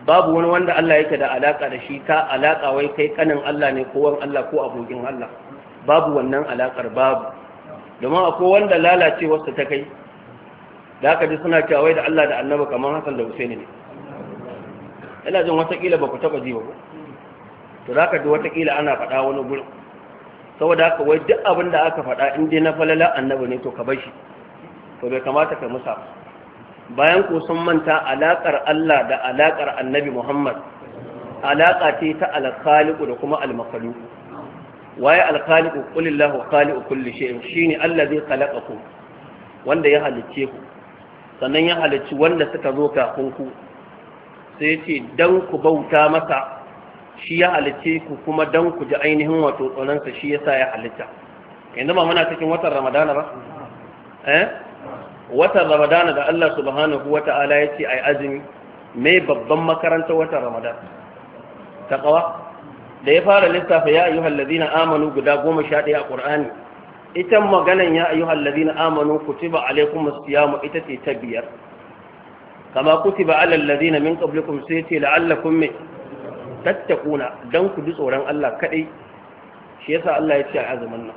babu wani wanda Allah yake da alaƙa da shi ta alaƙa wai kai kanin Allah ne kowan Allah ko abokin Allah babu wannan alaƙar babu domin akwai wanda lalacewarsa ta kai da aka ji suna cewa wai da Allah da Annabi kamar Hassan da Husaini ne ina jin watakila ba ku taɓa ji ba ko to za ka ji watakila ana faɗa wani gudu? saboda haka wai duk abin da aka faɗa inda na falala annabi ne to ka bar shi to bai kamata ka musa bayan ku sun manta alaƙar Allah da alaƙar annabi Muhammad alaƙa ce ta alkhaliqu da kuma almakalu waye alkhaliqu kulillahu khaliqu kulli shay'in shine allazi khalaqakum wanda ya halicce ku sannan ya halicci wanda suka zo kafin ku sai ce dan ku bauta masa shi ya halitte ku kuma dan ku ji ainihin wato tsanansa shi yasa ya halitta yanzu ba muna cikin watan ramadana ba eh watan ramadana da Allah subhanahu wata'ala ya ce ai azumi me babban makarantar watan ramadan Ta taqwa da ya fara lissafa ya ayyuhal ladina amanu guda goma sha ɗaya a ƙur'ani ita maganan ya ayyuhal ladina amanu kutiba alaikum siyamu ita ce ta biyar kama kutiba alal ladina min qablikum sai ce la'allakum tattakuna dan ku ji tsoron Allah kadai shi yasa Allah ya ce a azumin nan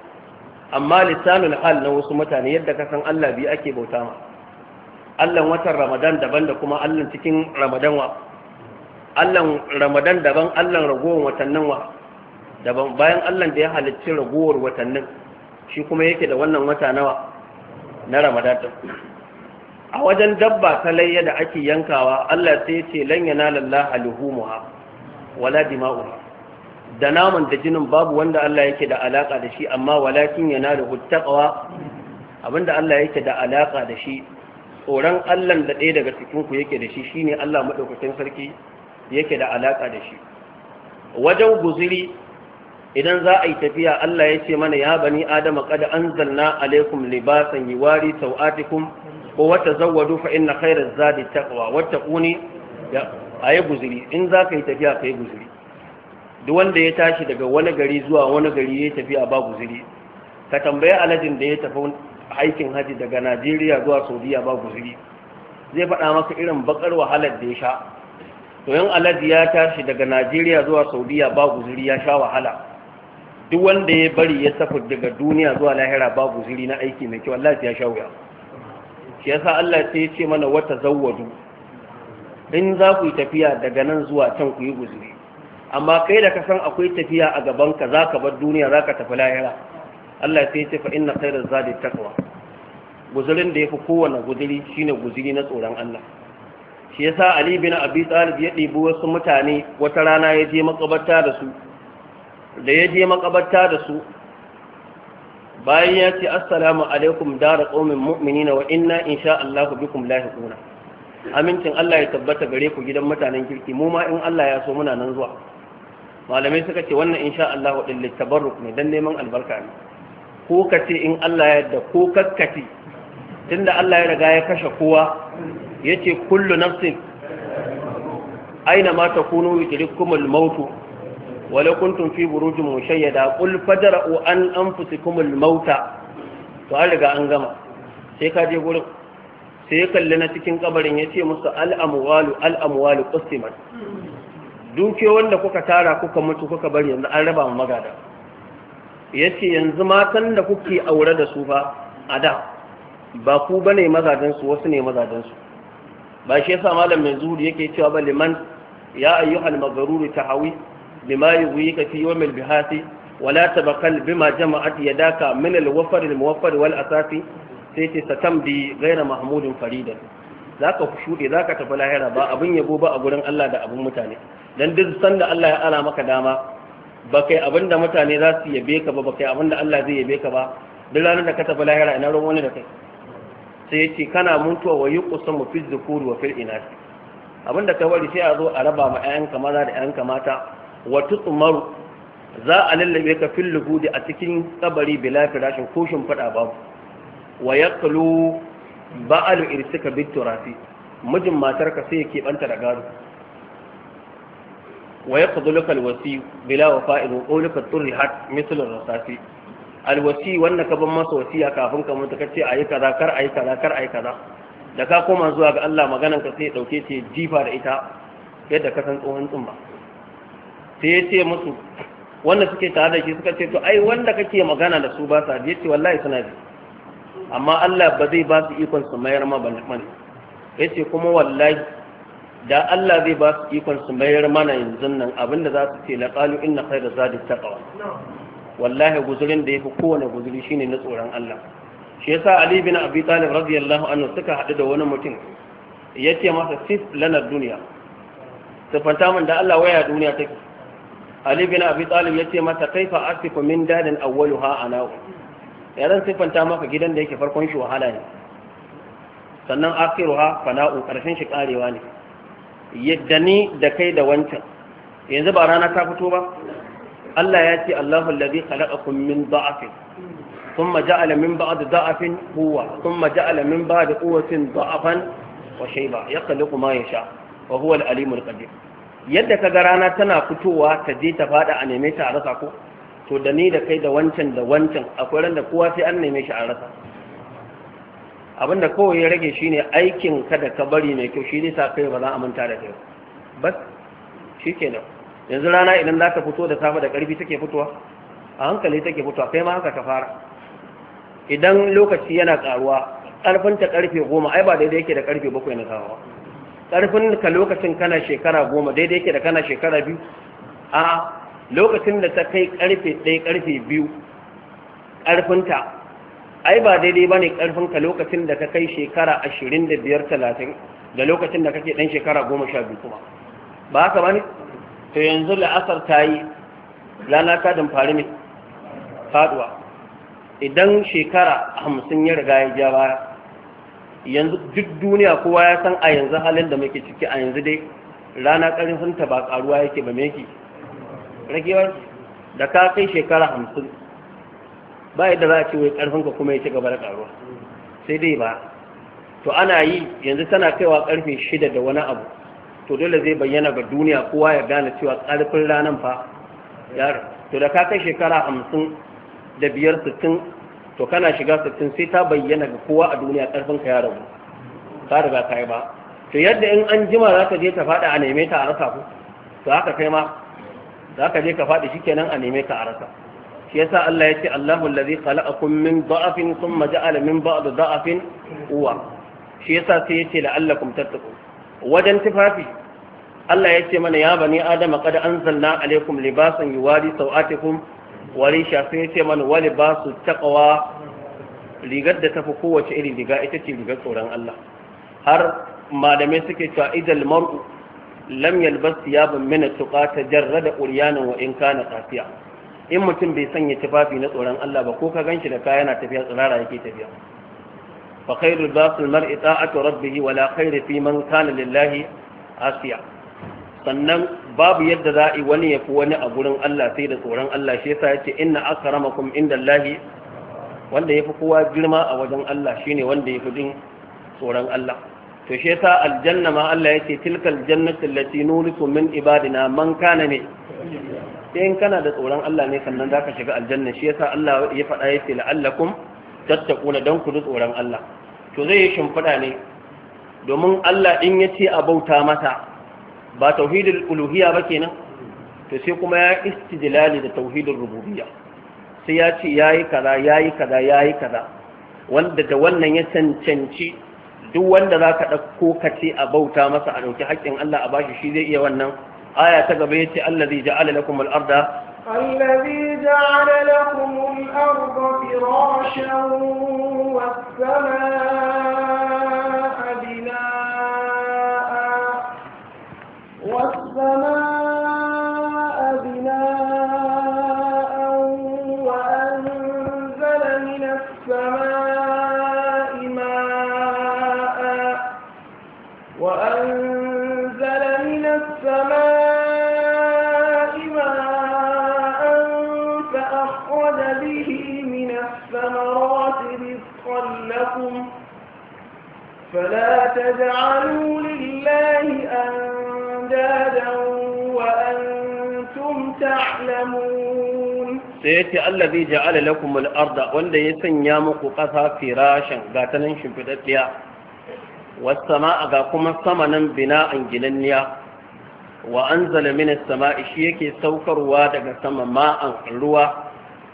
amma lisanul hal na wasu mutane yadda ka san Allah bi ake bauta ma Allah watan Ramadan daban da kuma Allah cikin Ramadan wa Allah Ramadan daban Allah ragowar watannin wa daban bayan Allah da ya halicci ragowar watannin shi kuma yake da wannan wata nawa na Ramadan a wajen dabba ta layya da ake yankawa Allah sai ya ce lan yanalallahu luhumuha wala dima'u da naman da jinin babu wanda Allah yake da alaka da shi amma walakin yana da huttaqwa abinda Allah yake da alaka da shi tsoron Allah da ɗaya daga cikin ku yake da shi shine Allah madaukakin sarki yake da alaka da shi wajen guziri idan za a yi tafiya Allah ya ce mana ya bani adama kada anzalna alaikum libasan yiwari sau'atikum ko wata zawwadu fa inna khairaz zadi taqwa wattaquni ya a yi guzuri in za ka yi tafiya ka yi guzuri duk wanda ya tashi daga wani gari zuwa wani gari ya tafiya ba guzuri ka tambaye aladin da ya tafi aikin haji daga najeriya zuwa saudiya ba guzuri zai faɗa maka irin bakar wahalar da ya sha to yin aladi ya tashi daga najeriya zuwa saudiya ba guzuri ya sha wahala duk wanda ya bari ya tafi daga duniya zuwa lahira ba guzuri na aiki mai kyau allah ya sha wuya shi yasa allah sai ya ce mana wata zawwadu in za ku yi tafiya daga nan zuwa can ku yi guzuri amma kai da ka san akwai tafiya a gaban ka za ka bar duniya za ka tafi lahira Allah sai ya ce fa inna khairaz zadi taqwa guzurin da yafi kowanne guzuri shine guzuri na tsoron Allah shi yasa Ali bin Abi Talib ya ɗibi wasu mutane wata rana ya je makabarta da su da ya je makabarta da su bayan ya ce assalamu alaikum dara qaumin mu'minina wa inna insha Allah bikum lahiquna amincin Allah ya tabbata gare ku gidan mutanen kirki mu ma in Allah ya so muna nan zuwa malamai suka ce wannan insha Allah dalil tabarruk ne dan neman albarka ne ko ka ce in Allah ya yarda ko kakkati tunda Allah ya riga ya kashe kowa yace kullu nafsin aina ma takunu yudrikumul maut walau kuntum fi burujin mushayyada qul fadra'u an anfusikumul mauta to an riga an gama sai ka je gurin sai ya kalli na cikin kabarin ya ce musu al’amuwalu al’amuwalu qustimat duke wanda kuka tara kuka mutu kuka bari yanzu an raba mu magada Ya ce yanzu matan da kuke aure da su ba a da ba ku ba ne su wasu ne mazajen ba shi yasa malam mai zuri yake cewa ba liman ya ayyuhal ma tahawi bima ka fi yawmil bihati ولا تبخل بما جمعت wafar من الوفر wal asafi? sai ce bi gaira mahmudin faridan za ka shuɗe za ka tafi lahira ba abin yabo ba a gurin Allah da abin mutane don duk sanda Allah ya ala maka dama ba kai abin da mutane za su yabe ka ba ba kai abin da Allah zai yabe ka ba duk ranar da ka tafi lahira ina ruwan wani da kai sai ya ce kana mutuwa wa yi kusan mu fiz dhukuri wa fil inas abin da ka wari sai a zo a raba ma ƴaƴanka maza da ƴaƴanka mata wa tutmaru za a lallabe ka fil lugudi a cikin kabari bila firashin koshin fada babu wa iri ba'alu irsika rafi, mijin matarka sai ya keɓanta da gado wa yaqduluka alwasi bila wafa'il ko qawluka turi hat ar rasafi alwasi wanda ka ban masa wasiya kafin ka mutu kace ayi kaza kar ayi kaza kar ayi kaza da ka koma zuwa ga Allah maganan ka sai dauke ce jifa da ita yadda ka san tsohon tsumba sai ya ce musu wanda suke tare da shi suka ce to ai wanda kake magana da su ba sa yace wallahi suna ji amma Allah ba zai ba su ikon su mayar ma bane ce kuma wallahi da Allah zai ba su ikon su mayar mana yanzu nan abinda za su ce laqalu inna khayra zadi taqwa wallahi guzurin da yafi kowane guzuri shine na tsoron Allah shi yasa Ali bin Abi Talib radiyallahu anhu suka hadu da wani mutum yace masa sif lana duniya sifanta min da Allah waya duniya take Ali bin Abi Talib yace masa kaifa asifu min dadin awwaluha ana ya zan siffanta maka gidan da yake farkon shi wahala ne sannan akiruha fana'u karshen shi karewa ne yadda ni da kai da wancan yanzu ba rana ta fito ba Allah ya ce Allahu allazi khalaqakum min da'afin thumma ja'ala min ba'd da'afin quwwa thumma ja'ala min ba'd quwwatin da'afan wa shayba yakhluqu ma yasha wa huwa al-alimul qadir yadda kaga rana tana fitowa ta je ta fada a neme ta a rasa ko to da ni da kai da wancan da wancan akwai ran da kowa sai an neme shi a rasa abin da kowa ya rage shine aikin ka da ka bari mai kyau shi ne sa kai ba za a manta da kai bas shikenan yanzu rana idan za ta fito da safe da karfi take fitowa a hankali take fitowa kai ma haka ka fara idan lokaci yana karuwa karfin ta karfe goma ai ba daidai yake da karfe bakwai na sawa karfin ka lokacin kana shekara goma daidai yake da kana shekara biyu a lokacin da ta kai karfe ɗaya karfe biyu ƙarfinta ai ba daidai ba ne ƙarfinka lokacin da ka kai shekara ashirin da biyar talatin da lokacin da kake ɗan shekara goma sha biyu kuma ba haka ba ne to yanzu la'asar ta yi lalata don fari mai faduwa idan shekara hamsin ya riga ya ja baya yanzu duk duniya kowa ya san a yanzu halin da muke ciki a yanzu dai rana ƙarfinta ba ƙaruwa yake ba me yake ragewar da ka kai shekara hamsin ba yadda za a ce wai karfinka kuma ya ci gaba da karuwa sai dai ba to ana yi yanzu tana kaiwa karfe shida da wani abu to dole zai bayyana ga duniya kowa ya gane cewa karfin ranar fa yar to da ka kai shekara hamsin da biyar sittin to kana shiga sittin sai ta bayyana ga kowa a duniya karfinka ya rabu ka riga ka yi ba to yadda in an jima za ta je ta faɗa a neme ta a rasa ku to haka kai ma za ka je ka faɗi shikenan a neme ka a rasa shi yasa Allah ya ce Allahu allazi khalaqakum min da'afin thumma ja'ala min ba'd da'afin quwwa shi yasa sai ya ce la'allakum tattaqun wajen tufafi Allah ya ce mana ya bani adama qad anzalna alaykum libasan yuwari sawatikum wa risha sai ya ce mana wa libasu taqwa rigar da tafi kowace irin riga ita ce rigar tsoron Allah har malamai suke cewa idal mar'u lam yalbas ya min at-tuqa tajarrada uryanan wa in kana qasiya in mutum bai sanya tufafi na tsoron Allah ba ko ka ganshi da kaya yana tafiya tsirara yake tafiya fa khairu basil mar'i ta'atu rabbih wa la khairu fi man kana lillahi asiya sannan babu yadda za a yi wani ya fi wani a gurin Allah sai da tsoron Allah shi yasa yace inna akramakum indallahi wanda yafi kowa girma a wajen Allah shine wanda ya fi jin tsoron Allah to shi yasa aljanna ma Allah yake tilkal jannatu allati nurisu min ibadina man kana ne in kana da tsoron Allah ne sannan zaka shiga aljanna shi yasa Allah ya faɗa yake la'allakum tattaquna dan ku tsoron Allah to zai yi shimfiɗa ne domin Allah in ya ce a bauta mata, ba tauhidul uluhiyya ba kenan to sai kuma ya istidlali da tauhidul rububiyya sai ya ce yayi kaza yayi kaza yayi kaza wanda da wannan ya cancanci duk wanda zaka dauko kace a bauta masa a dauki haƙƙin Allah a bashi shi zai iya wannan aya ta gaba yace allazi ja'ala lakum al-arda allazi ja'ala lakum al-arda firashan فراشا samaa فلا تجعلوا لله أندادا وأنتم تعلمون سيأتي الذي جعل لكم الأرض وانده يسن يامق قصا فراشا قاتلا شمفتت لها والسماء قاكم صمنا بناء جلنيا وأنزل من السماء شيك سوكر وادق سما ماء روى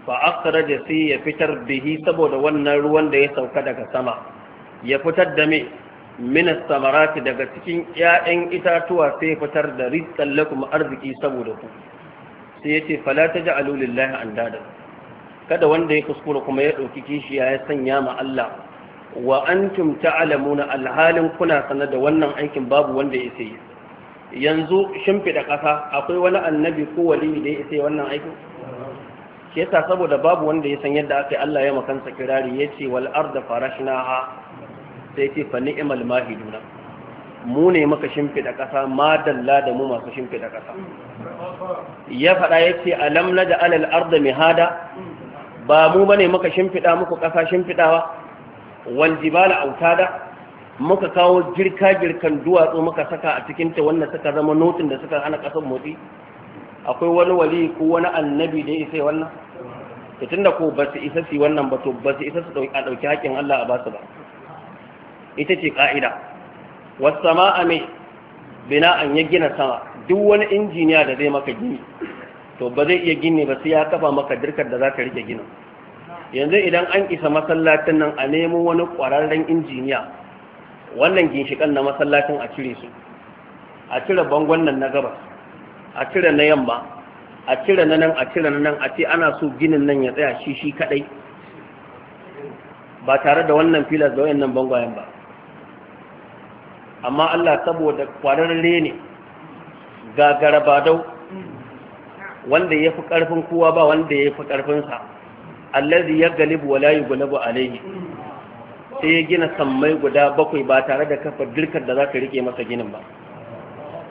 فأخرج فيه فتر به سبود ونروا وانده يسوكدك سما ya fitar da me minas samarati daga cikin 'ya'yan itatuwa sai fitar da rizqan lakum arziki saboda ku sai yace fala taj'alu lillahi andada kada wanda ya kuskura kuma ya dauki kishiya ya sanya ma Allah wa antum ta'lamuna alhalin kuna sanar da wannan aikin babu wanda ya sai yanzu shimfida ƙasa akwai wani annabi ko waliyi da ya sai wannan aikin Ke sa saboda babu wanda ya san yadda aka Allah ya makansa kirari yace wal arda farashnaha sai ce fa ni'mal mahiduna mu ne maka shimfida ƙasa ma dalla da mu masu shimfida ƙasa ya faɗa ya ce alam na da alal arda mihada ba mu bane maka shimfida muku ƙasa shimfidawa wal jibala autada muka kawo girka girkan duwatsu muka saka a cikin ta wannan suka zama notin da suka hana ƙasar motsi akwai wani wali ko wani annabi da ya isa wannan to tunda ko ba su isa su wannan ba to ba su isa su a ɗauki haƙƙin Allah a ba su ba ita ce ƙa'ida wasu a mai bina an yi gina sama duk wani injiniya da zai maka gini to ba zai iya gini ba sai ya kafa maka dirkar da za ka rike gina yanzu idan an isa masallacin nan a nemo wani ƙwararren injiniya wannan ginshiƙan na masallacin a cire su a cire bangon nan na gabas a cire na yamma a cire na nan a cire na nan a ce ana so ginin nan ya tsaya shi shi kaɗai ba tare da wannan filas da wayannan bangwayen ba amma Allah saboda kwararre ne ga garabadau wanda ya fi ƙarfin kowa ba wanda ya fi ƙarfinsa allazi ya galibu wala yi gulabu alaihi sai ya gina sammai guda bakwai ba tare da kafa dirkar da za ka rike masa ginin ba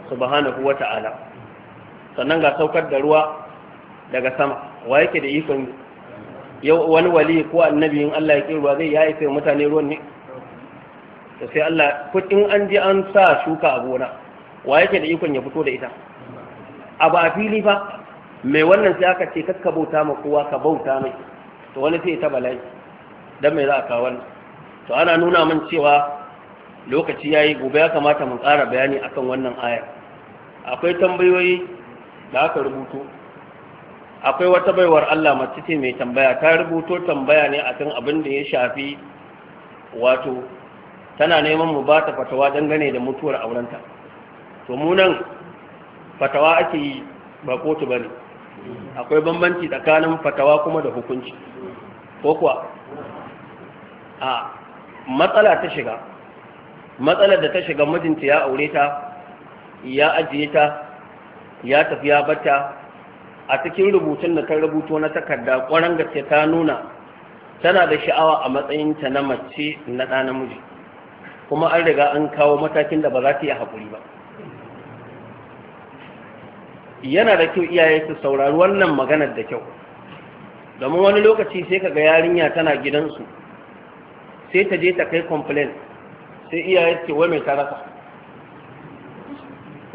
subhanahu wa ta'ala sannan ga saukar da ruwa daga sama wa yake da ikon yau wani wali ko annabiyin Allah ya ƙi ruwa zai ya haife mutane ruwan ne to sai Allah in an je an sa shuka a gona wa yake da ikon ya fito da ita a ba fili fa mai wannan sai aka ce kakka bauta ma kowa ka bauta mai to wani sai ta bala'i dan mai za a kawo to ana nuna min cewa lokaci yayi gobe ya kamata mu ƙara bayani akan wannan aya akwai tambayoyi da aka rubuto akwai wata baiwar Allah mace ce mai tambaya ta rubuto tambaya ne akan abin da ya shafi wato tana neman mu ba ta fatawa dangane da mutuwar aurenta to mu nan fatawa ake yi ba kotu ba ne akwai bambanci tsakanin fatawa kuma da hukunci ko kuwa a matsala ta shiga matsalar da ta shiga mijinta ya aure ta ya ajiye ta ya tafi ya bata a cikin rubutun da ta rubuto na takarda ƙwarar gaske ta nuna tana da sha'awa a matsayinta na mace na ɗa namiji kuma an riga an kawo matakin da ba za ta yi haƙuri ba yana da kyau iyaye su saurari wannan maganar da kyau domin wani lokaci sai ka ga yarinya tana gidansu sai ta je ta kai complain sai iyaye ce wai mai tarasa.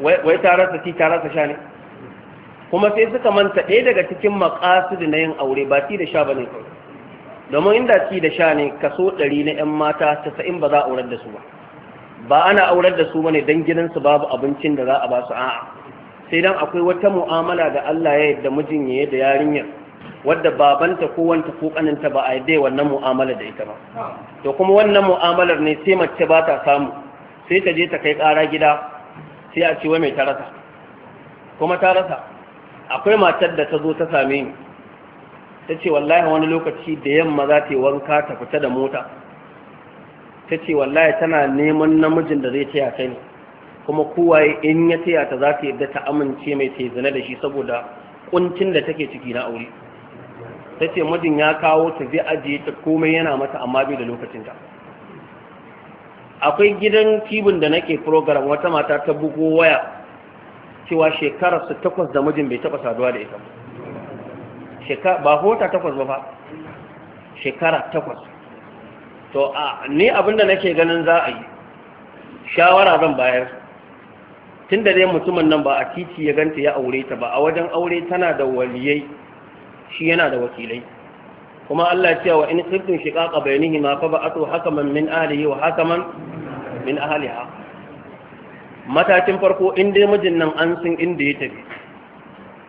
wai tarasa ci tarasa sha ne kuma sai suka manta ɗaya daga cikin makasu na yin aure ba ci da sha ba ne kawai domin inda ci da sha ne kaso ɗari na 'yan mata casa'in ba za a aurar da su ba ba ana aurar da su ne dan gidansu babu abincin da za a ba su a'a sai dan akwai wata mu'amala da Allah ya yadda mijin ya da yarinyar wadda babanta ko wanta ko kaninta ba a yadda wannan mu'amala da ita ba to kuma wannan mu'amalar ne sai mace ba ta samu sai ta je ta kai ƙara gida sai a ce wai mai ta rasa kuma ta rasa akwai matar da ta zo ta same ni ta ce wallahi wani lokaci da yamma za ta yi wanka ta fita da mota ta ce wallahi tana neman namijin da zai taya ta ne kuma kowaye in ya taya ta za ta yadda ta amince mai ta zina da shi saboda kuncin da take ciki na aure ta ce mijin ya kawo ta zai ajiye ta komai yana mata amma bai da lokacinta akwai gidan kibin da nake program wata mata ta bugo waya cewa su takwas da mijin bai taɓa saduwa da ita ba ba hota takwas ba ba shekara takwas to ni abinda nake ganin za a yi shawara zan bayar Tunda dai mutumin nan ba a titi ya ganta ya aure ta ba a wajen aure tana da waliyai shi yana da wakilai kuma Allah ya ce wa in kuntum shiqaqa bainihima fa ba'athu hakaman min ahlihi wa hakaman min ahliha matakin farko in dai mijin nan an san inda ya tafi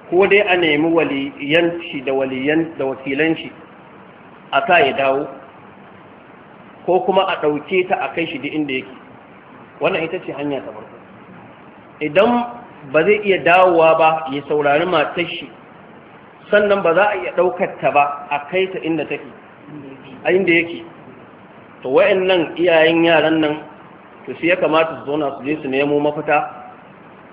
ko dai a nemi waliyanci da waliyan da wakilan shi a sa ya dawo ko kuma a ɗauke ta a kai shi da inda yake wannan ita ce hanya ta farko idan ba zai iya dawowa ba ya saurari matar shi sannan ba za a iya ɗaukar ta ba a kai ta inda take a inda yake to wayannan iyayen yaran nan to sai ya kamata su zauna su je su nemo mafita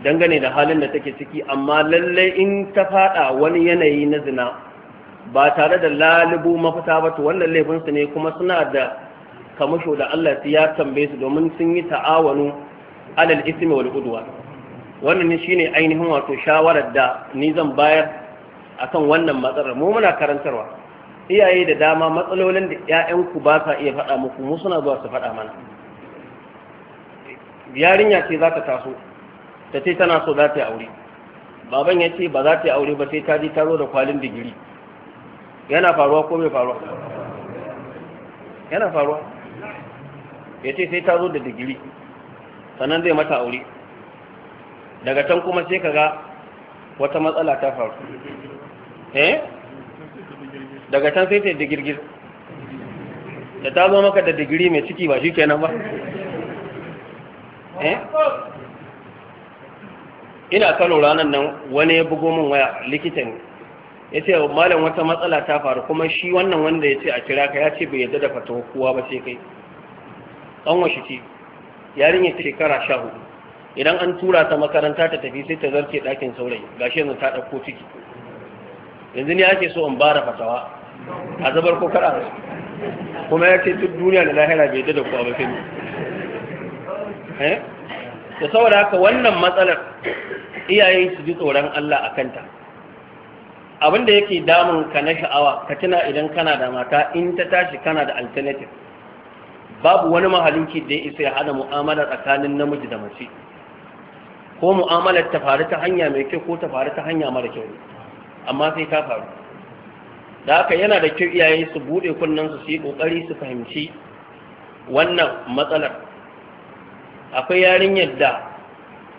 dangane da halin da take ciki amma lallai in ta fada wani yanayi na zina ba tare da lalubu mafita ba to wannan su ne kuma suna da kamusho da Allah ya tambaye su domin sun yi ta'awanu alal ismi wal udwa wannan ne shine ainihin wato shawarar da ni zan bayar akan wannan matsalar mu muna karantarwa iyaye da dama matsalolin da ƴaƴanku ba sa iya faɗa muku mu suna zuwa su faɗa mana yarinya ce zaka ta taso ta ce tana so za ta yi aure baban ya ce ba za ta yi aure ba sai ta ji taro da kwalin digiri yana faruwa ko bai faruwa yana faruwa ya ce sai ta zo da digiri sannan zai mata aure daga can kuma sai kaga wata matsala ta faru eh daga can sai ta digirgir da ta zo maka da digiri mai ciki ba shi kenan ba eh ina kano ranar nan wani ya bugo min waya likita ne ya ce malam wata matsala ta faru kuma shi wannan wanda ya ce a kira ka ya ce bai yadda da fatawa kowa ba sai kai an washe ce yarinya ta shekara sha hudu idan an tura ta makaranta ta tafi sai ta zarce ɗakin saurayi gashi yanzu ta ɗauko ciki yanzu ne ake so in bara fatawa a zabar ko kara kuma ya ce duk duniya da lahira bai yadda da kowa ba sai eh? da saboda haka wannan matsalar iyaye su ji tsoron Allah a kanta abin da yake damun ka na sha'awa ka tuna idan kana da mata in ta tashi kana da alternative babu wani mahalinki da ya isa ya hada mu'amala tsakanin namiji da mace ko mu'amalar ta faru ta hanya mai kyau ko ta faru ta hanya mara kyau amma sai ta faru da haka yana da kyau iyaye su buɗe kunnen su su yi ƙoƙari su fahimci wannan matsalar akwai yarinyar da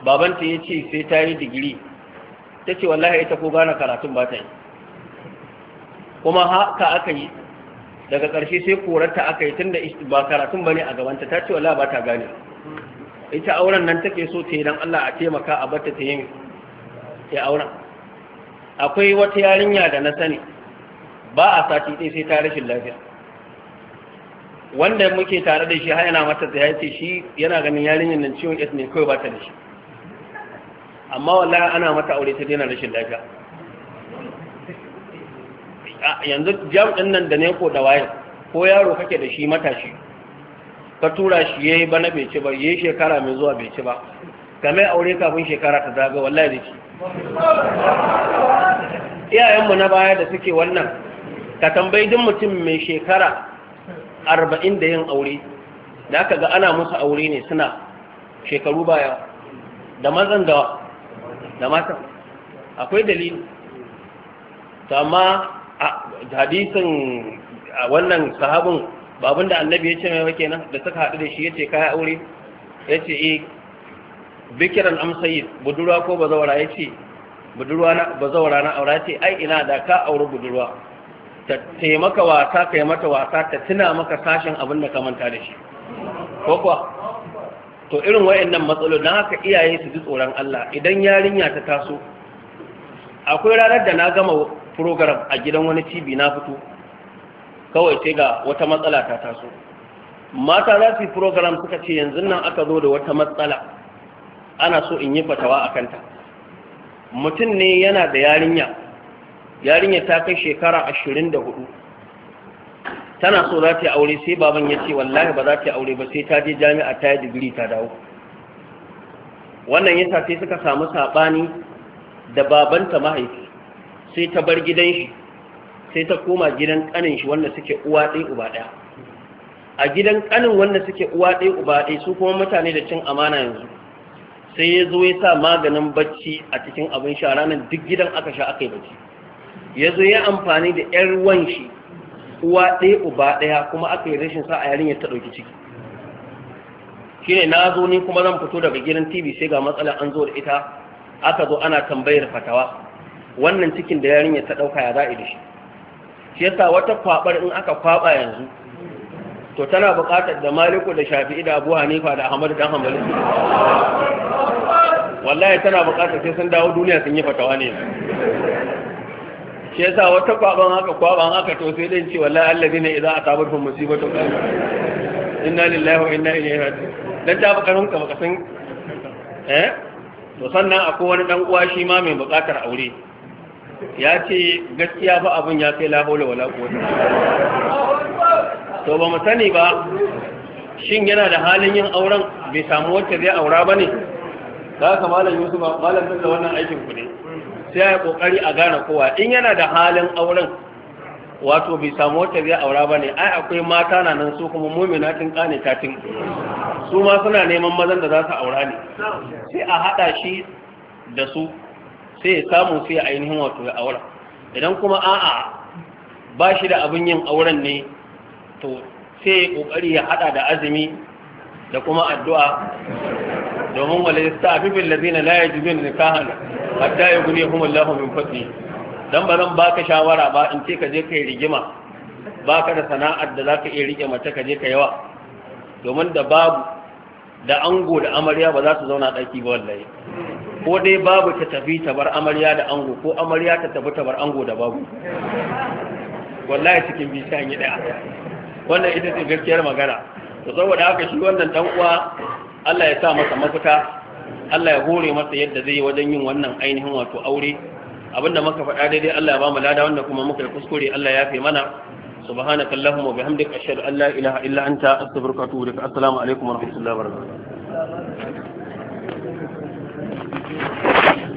babanta ya ce sai ta yi digiri ta ce wallahi ita ko gane karatun ba ta yi kuma haka aka yi daga ƙarshe sai korarta aka yi tunda ba karatun ba ne a gabanta ta ce wallahi ba ta gane ita auren nan take so ta yi don Allah a taimaka a bata ta yi ya auren akwai wata yarinya da na sani ba a sati ɗaya sai ta rashin lafiya wanda muke tare da shi har yana mata da ya ce shi yana ganin yarinyar nan ciwon ne kawai ba ta da shi amma wallahi ana mata aure ta daina rashin lafiya yanzu jam din nan da ne ko da waye ko yaro kake da shi matashi ka tura shi yayi bana bai ci ba yayi shekara mai zuwa bai ci ba kamar aure kafin shekara ta zaga wallahi da ci iyayenmu na baya da suke wannan ka tambayi duk mutum mai shekara arba'in da yin aure da aka ga ana musu aure ne suna shekaru baya da mazan da da mata akwai dalili ma amma hadisin wannan sahabin babin da annabi ya ce mai wake nan da suka haɗu da shi ya ce kaya aure ya ce e bikiran amsayi budurwa ko bazawara ya ce budurwa na bazawara na aura ce ai ina da ka auri budurwa ta taimaka wasa ka yi mata wasa ta tuna maka sashen abin da ka manta da shi ko kuwa to irin wayannan matsalolin don haka iyaye su ji tsoron Allah idan yarinya ta taso akwai ranar da na gama program a gidan wani TV na fito kawai sai ga wata matsala ta taso mata za su yi program suka ce yanzu nan aka zo da wata matsala ana so in yi fatawa a kanta mutum ne yana da yarinya yarinya ta kai shekara ashirin da hudu tana so za ta yi aure sai baban ya ce wallahi ba za ta yi aure ba sai ta je jami'a ta yi digiri ta dawo wannan yasa sai suka samu sabani da babanta mahaifi sai ta bar gidan shi sai ta koma gidan kanin shi wanda suke uwa ɗaya uba ɗaya a gidan ƙanin wanda suke uwa ɗaya uba ɗaya su kuma mutane da cin amana yanzu sai ya zo ya sa maganin bacci a cikin abin sha ranar duk gidan aka sha aka yi bacci ya zo ya amfani da 'yar ruwan shi uwa ɗaya uba ɗaya kuma aka yi rashin sa a yarin ta ɗauki ciki Shi ne na zo ni kuma zan fito daga gidan tv sai ga matsalar an zo da ita aka zo ana tambayar fatawa wannan cikin da yarinyar ta ɗauka ya za'a da shi shi yasa wata kwabar in aka kwaba yanzu to tana buƙatar da maliku da shafi'i da abu hanifa da ahmadu dan hanbali wallahi tana buƙatar sai sun dawo duniya sun yi fatawa ne shi yasa wata kwaban haka kwaban haka to sai dai ce wallahi alladina tabar asabatum musibatu inna lillahi wa inna ilaihi raji'un dan ta baka ranka baka san eh to sannan akwai wani dan uwa shi ma mai bukatar aure ya ce gaskiya ba abin ya kai lahola wala kuwata to ba mu sani ba shin yana da halin yin auren bai samu wacce zai aura ba ne da haka malam yusuf malam da wannan aikin ku ne sai ya kokari a gane kowa in yana da halin auren wato bai samu wata zai aura ba ne ai akwai mata na nan su kuma mumina tun kane tun. su ma suna neman mazan da za su aura ne sai a haɗa shi da su sai ya samu sai a ainihin wato ya aura idan kuma a'a ba shi da abin yin auren ne to sai ya kokari ya haɗa da azumi da kuma addu'a domin ya sa wala yastafifil ladina a yajidun nikahan hatta kuma Allahu min fadi dan ba zan baka shawara ba in ce ka je ka yi rigima baka da sana'ar da zaka iya rike mace ka je ka yawa domin da babu da ango da amarya ba za su zauna daki ba wallahi ko dai babu ta tafi ta bar amarya da ango ko amarya ta tafi ta bar ango da babu wallahi cikin bishiyan yi daya wannan ita ce gaskiyar magana to saboda haka shi wannan dan uwa Allah ya sa masa mafita Allah ya hore masa yadda zai yi wajen yin wannan ainihin wato aure abinda muka faɗa daidai Allah ya ba mu lada wanda kuma muka kuskure Allah ya fi mana subhanaka allahumma wa bihamdika ashhadu an la ilaha illa anta astaghfiruka wa atubu ilaik assalamu alaikum wa rahmatullahi wa barakatuh